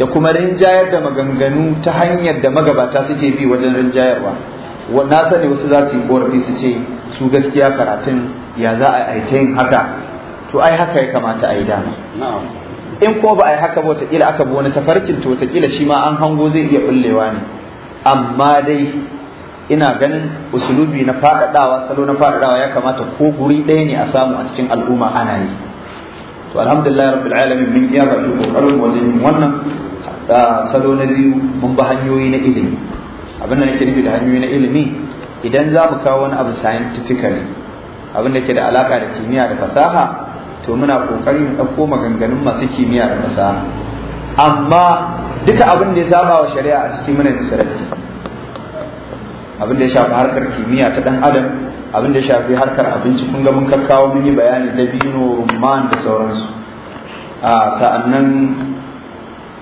[SPEAKER 2] da kuma rinjayar da maganganu ta hanyar da magabata suke bi wajen rinjayarwa na sani wasu za su yi ƙorafi su ce su gaskiya karatun ya za a aita yin haka to ai haka ya kamata a yi dama in ko ba a yi haka ba wataƙila aka bi wani tafarkin to wataƙila shi ma an hango zai iya bullewa ne amma dai ina ganin usulubi na faɗaɗawa salo na faɗaɗawa ya kamata ko guri ɗaya ne a samu a cikin al'umma ana yi to alhamdulillah rabbil alamin min iya bakin kokarin wajen wannan ah, salo na biyu mun ba hanyoyi na ilimi abin nake nufi da hanyoyi na ilimi idan za mu kawo wani abu scientifically abin da ke da alaka da kimiyya da fasaha to muna kokari mu ɗauko maganganun masu kimiyya da fasaha amma duka abin da ya saba wa shari'a a cikin muna nisarati abin da ya shafi harkar kimiyya ta dan adam abin da ya shafi harkar abinci kun ga mun kakkawo mun yi bayani da bino man da sauransu a ah, sa'annan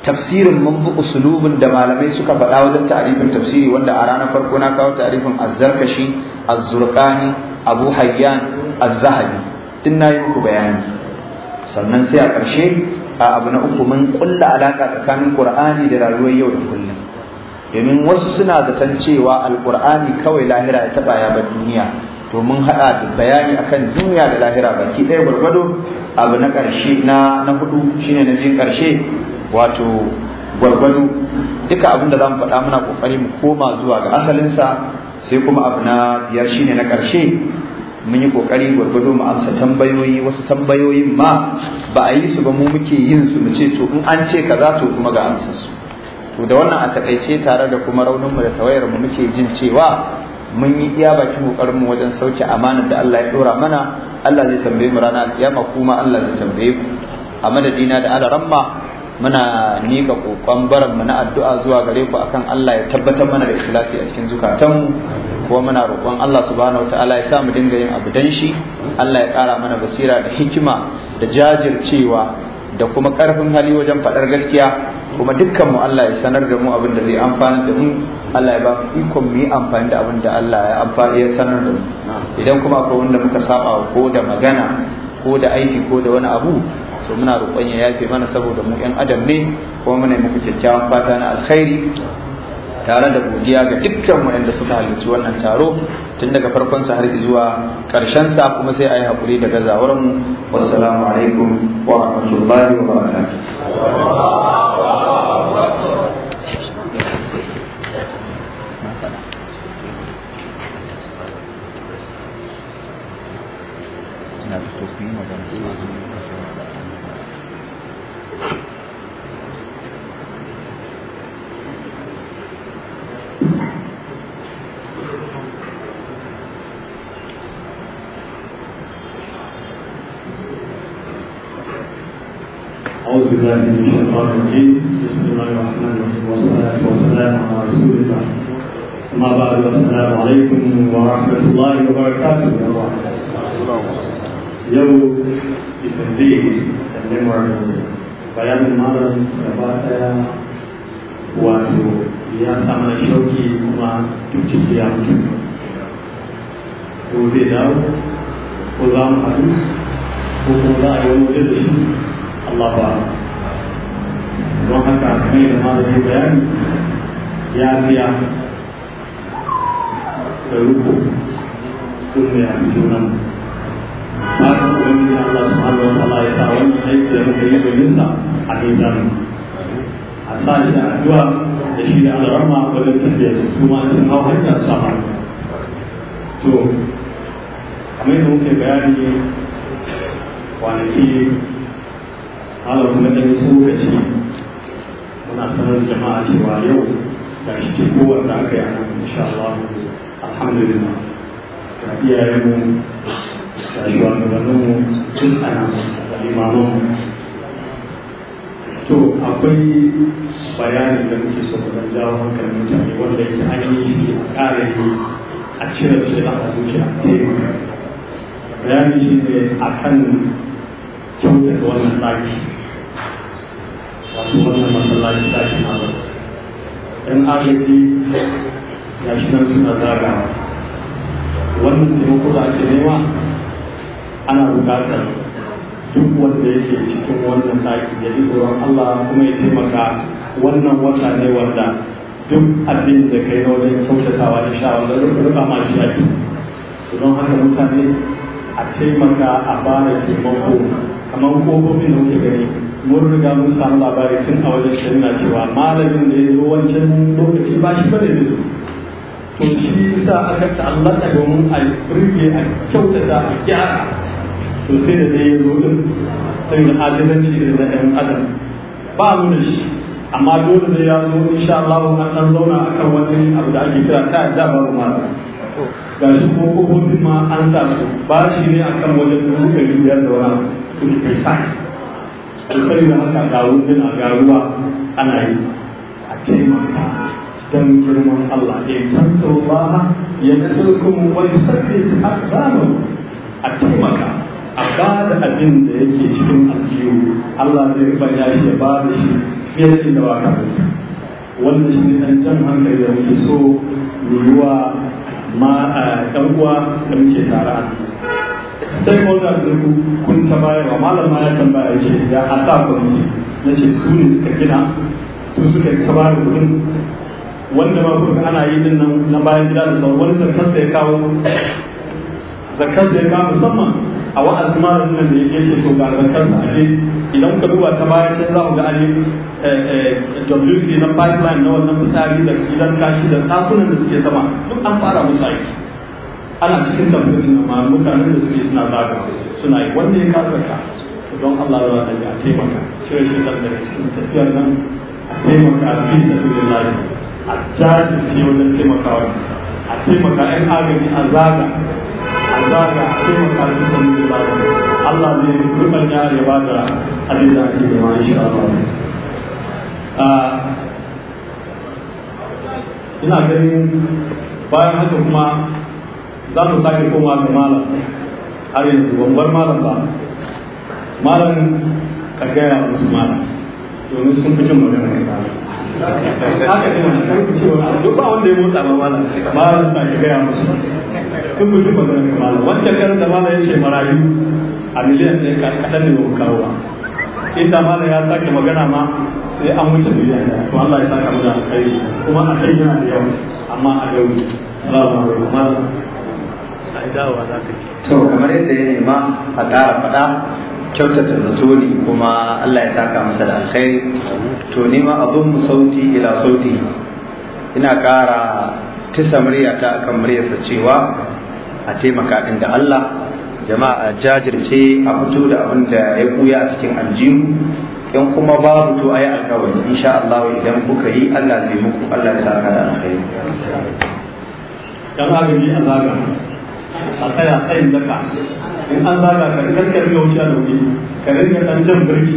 [SPEAKER 2] tafsirin mun bi usulubin da malamai suka faɗa wajen tarifin tafsiri wanda a ranar farko na kawo tarifin azzarkashi Azurkani, abu hayyan azzahabi din na yi muku bayani sannan sai a ƙarshe a abu na uku mun ƙulla alaƙa tsakanin qur'ani da rayuwar yau da kullum domin wasu suna zaton cewa alƙur'ani kawai lahira ya taɓa ya bar duniya to mun haɗa da bayani akan duniya da lahira baki ɗaya gwargwado abu na ƙarshe na na hudu shine na je ƙarshe wato gwargwado duka abin da za mu faɗa muna ƙoƙari mu koma zuwa ga asalinsa sai kuma abu na biyar shine na ƙarshe mun yi ƙoƙari gwargwado mu amsa tambayoyi wasu tambayoyin ma ba a yi su ba mu muke yin su mu ce to in an ce ka kaza to kuma ga amsa su to da wannan a taƙaice tare da kuma raunin mu da tawayar mu muke jin cewa mun yi iya bakin ƙoƙarin mu wajen sauke amanar da Allah ya ɗora mana Allah zai tambaye mu ranar kiyama kuma Allah zai tambaye ku a madadina da alaramma muna nika kokon mu na addu'a zuwa gare ku akan Allah ya tabbatar mana da ikhlasi a cikin zukatanmu kuma muna roƙon Allah subhanahu wataala ya sa mu dinga yin abu dan shi Allah ya ƙara mana basira da hikima da jajircewa da kuma ƙarfin hali wajen faɗar gaskiya kuma dukkan mu Allah ya sanar da mu abin da zai amfana da mu Allah ya ba mu ikon mu yi amfani da abin da Allah ya amfani ya sanar da mu idan kuma akwai wanda muka saba ko da magana ko da aiki ko da wani abu so muna roƙon ya yafe mana saboda mu yan adam ne kuma muna muku kyakkyawan fata na alkhairi tare da godiya ga dukkan waɗanda suka halarci wannan taro tun daga farkon sa har zuwa ƙarshen sa kuma sai ayi hakuri da gazawar mu wassalamu alaikum wa rahmatullahi wa
[SPEAKER 4] barakatuh Thank you.
[SPEAKER 3] بالله من الشيطان الرجيم بسم الله الرحمن الرحيم والصلاة والسلام على رسول الله أما بعد والسلام عليكم ورحمة الله وبركاته yau itambe kallimar bayanin malam gaba daya wato ya sama da shauki kuma duk ciki ya mutu ko zai dawo ko za mu haɗu ko kuma za a yi wani da shi Allah ba don haka kamar da malami bayani ya fiya da ruku sun ya fi junan haka ubangiji Allah subhanahu wa ta'ala ya sa wannan aiki da muka yi domin sa a mizan a sa shi a addu'a da shi da alarama wajen tafiya su kuma sun hau hanyar sama to kamar da muke bayani kwanaki Allah kuma ɗan na sanar jama'a cewa yau ga shi kowar da aka yi a nan insha Allah alhamdulillah ga iyayenmu ga shugabanninmu tun a nan da mu. to akwai bayani da muke so mu dan jawo hankalin mutane wanda yake an yi shi a kare ne a cire shi a zuciya bayani shi ne akan kyautata wannan tsari wannan masallaci yan agaji ya shi nan suna zagawa wannan taimako da ake nema ana bukatar duk wanda yake cikin wannan ɗaki ya ji tsoron Allah kuma ya taimaka wannan wata ne wanda duk abin da kai na wajen kyautatawa da sha wanda rufa ma shi ake. su don haka mutane a taimaka a bada taimako kamar kofofin da muke gani mun riga mun samu labari tun a wajen shirina cewa malamin da ya zo wancan lokaci ba shi bane da zo to shi sa aka ta'allaka domin a rike a kyautata a gyara to sai da dai ya zo din sai da ajizanci da na ɗan adam ba mu da shi amma dole da ya zo insha Allah mun dan zauna akan wani abu da ake kira ta da ma malami ga shi ko huduma ma an sa su ba shi ne akan wajen dubu biyar da wani kuɗi to sai da haka ga ana yi a taimaka don girman Allah in tansallaha ya nasurkum wa yusabbit aqdamakum a taimaka a ba da abin da yake cikin aljihu Allah zai banya shi ya ba da shi fiye da inda ba ka shi ne dan jan da muke so yiwuwa ma ɗan uwa da muke tare a sai ko da zurgu kun ta bayarwa malam ma ya tambaya ya ce ya hasa ku ne na ce su ne suka gina su suka ta bayar kuɗin wanda ma kuka ana yi din nan na bayan gida da sauran wani zarkar ya kawo da ya kawo musamman a wa'azin malam nan da ya ce to ga zakar da aje idan ka duba ta baya ce za ku ga an eh, eh, WC na pipeline na wannan fitsari da gidan kashi da tsakunan da suke sama duk an fara musu aiki ana cikin tafsirin amma mutanen da suke suna zaga suna yi wanda ya ka don Allah ya rada ya taimaka cewa shi daga cikin tafiyar nan a taimaka a fi tafiyar lafi a jajirce wajen taimakawa a taimaka yan agaji a zaga a zaga a taimaka a cikin tafiyar lafi Allah ne rukar ya ya ba da abin da ake nema insha Allah ina ganin bayan haka kuma za mu sake koma ga malam har yanzu ban bar malam ba malam ka gaya musu malam domin sun fi jin magana ka gaya haka ne mana kan cewa duk ba wanda ya motsa ba malam malam na ka gaya musu sun fi
[SPEAKER 4] jin magana ka malam wancan
[SPEAKER 3] karin da malam ya ce marayu a miliyan ɗaya ka kaɗan ne ba kawo ba inda malam ya sake magana ma sai an wuce miliyan ɗaya to Allah ya saka mu da alkhairi kuma a kai yana da yawa amma a yau ne Allah ya
[SPEAKER 2] ai dawowa za ka yi to kamar yadda ya nema a ƙara faɗa kyautata zato ne kuma Allah ya saka masa da alkhairi to nema abun mu sauti ila sauti ina ƙara tisa ta akan muryarsa cewa a taimaka ɗin da Allah jama'a jajirce a fito da abin da ya buya a cikin aljihu in kuma babu to yi alkawari insha Allah idan kuka yi Allah zai muku Allah ya saka da alkhairi
[SPEAKER 3] dan agaji a tsaya tsayin daka in an zaga ka kan karbi wuce da wuri ka rinka dan jan birki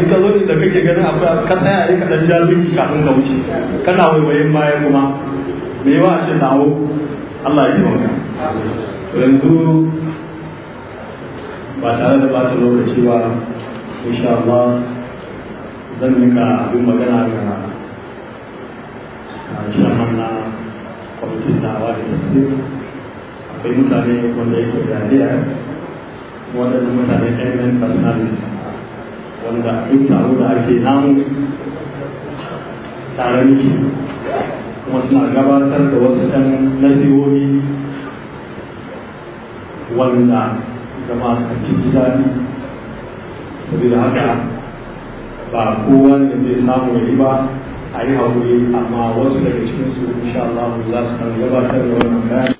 [SPEAKER 3] in ka zo da kake ganin akwai ka tsaya ne ka dan jan birki kafin ka wuce kana waiwayin baya kuma me yawa a ce dawo Allah ya ji wanka yanzu ba tare da bata lokaci ba insha Allah zan nika abin magana ga shaman na kwamitin dawa da tafsiri akwai mutane wanda yake jami'a waɗanda mutane ɗan personalist wanda duk taro da ake namu tare nake kuma suna gabatar da wasu ɗan nasihohi wanda jama'a a cikin ji daɗi saboda haka ba kowa ne zai samu ya ba a yi haƙuri amma wasu daga cikinsu insha Allah za su gabatar da wannan bayani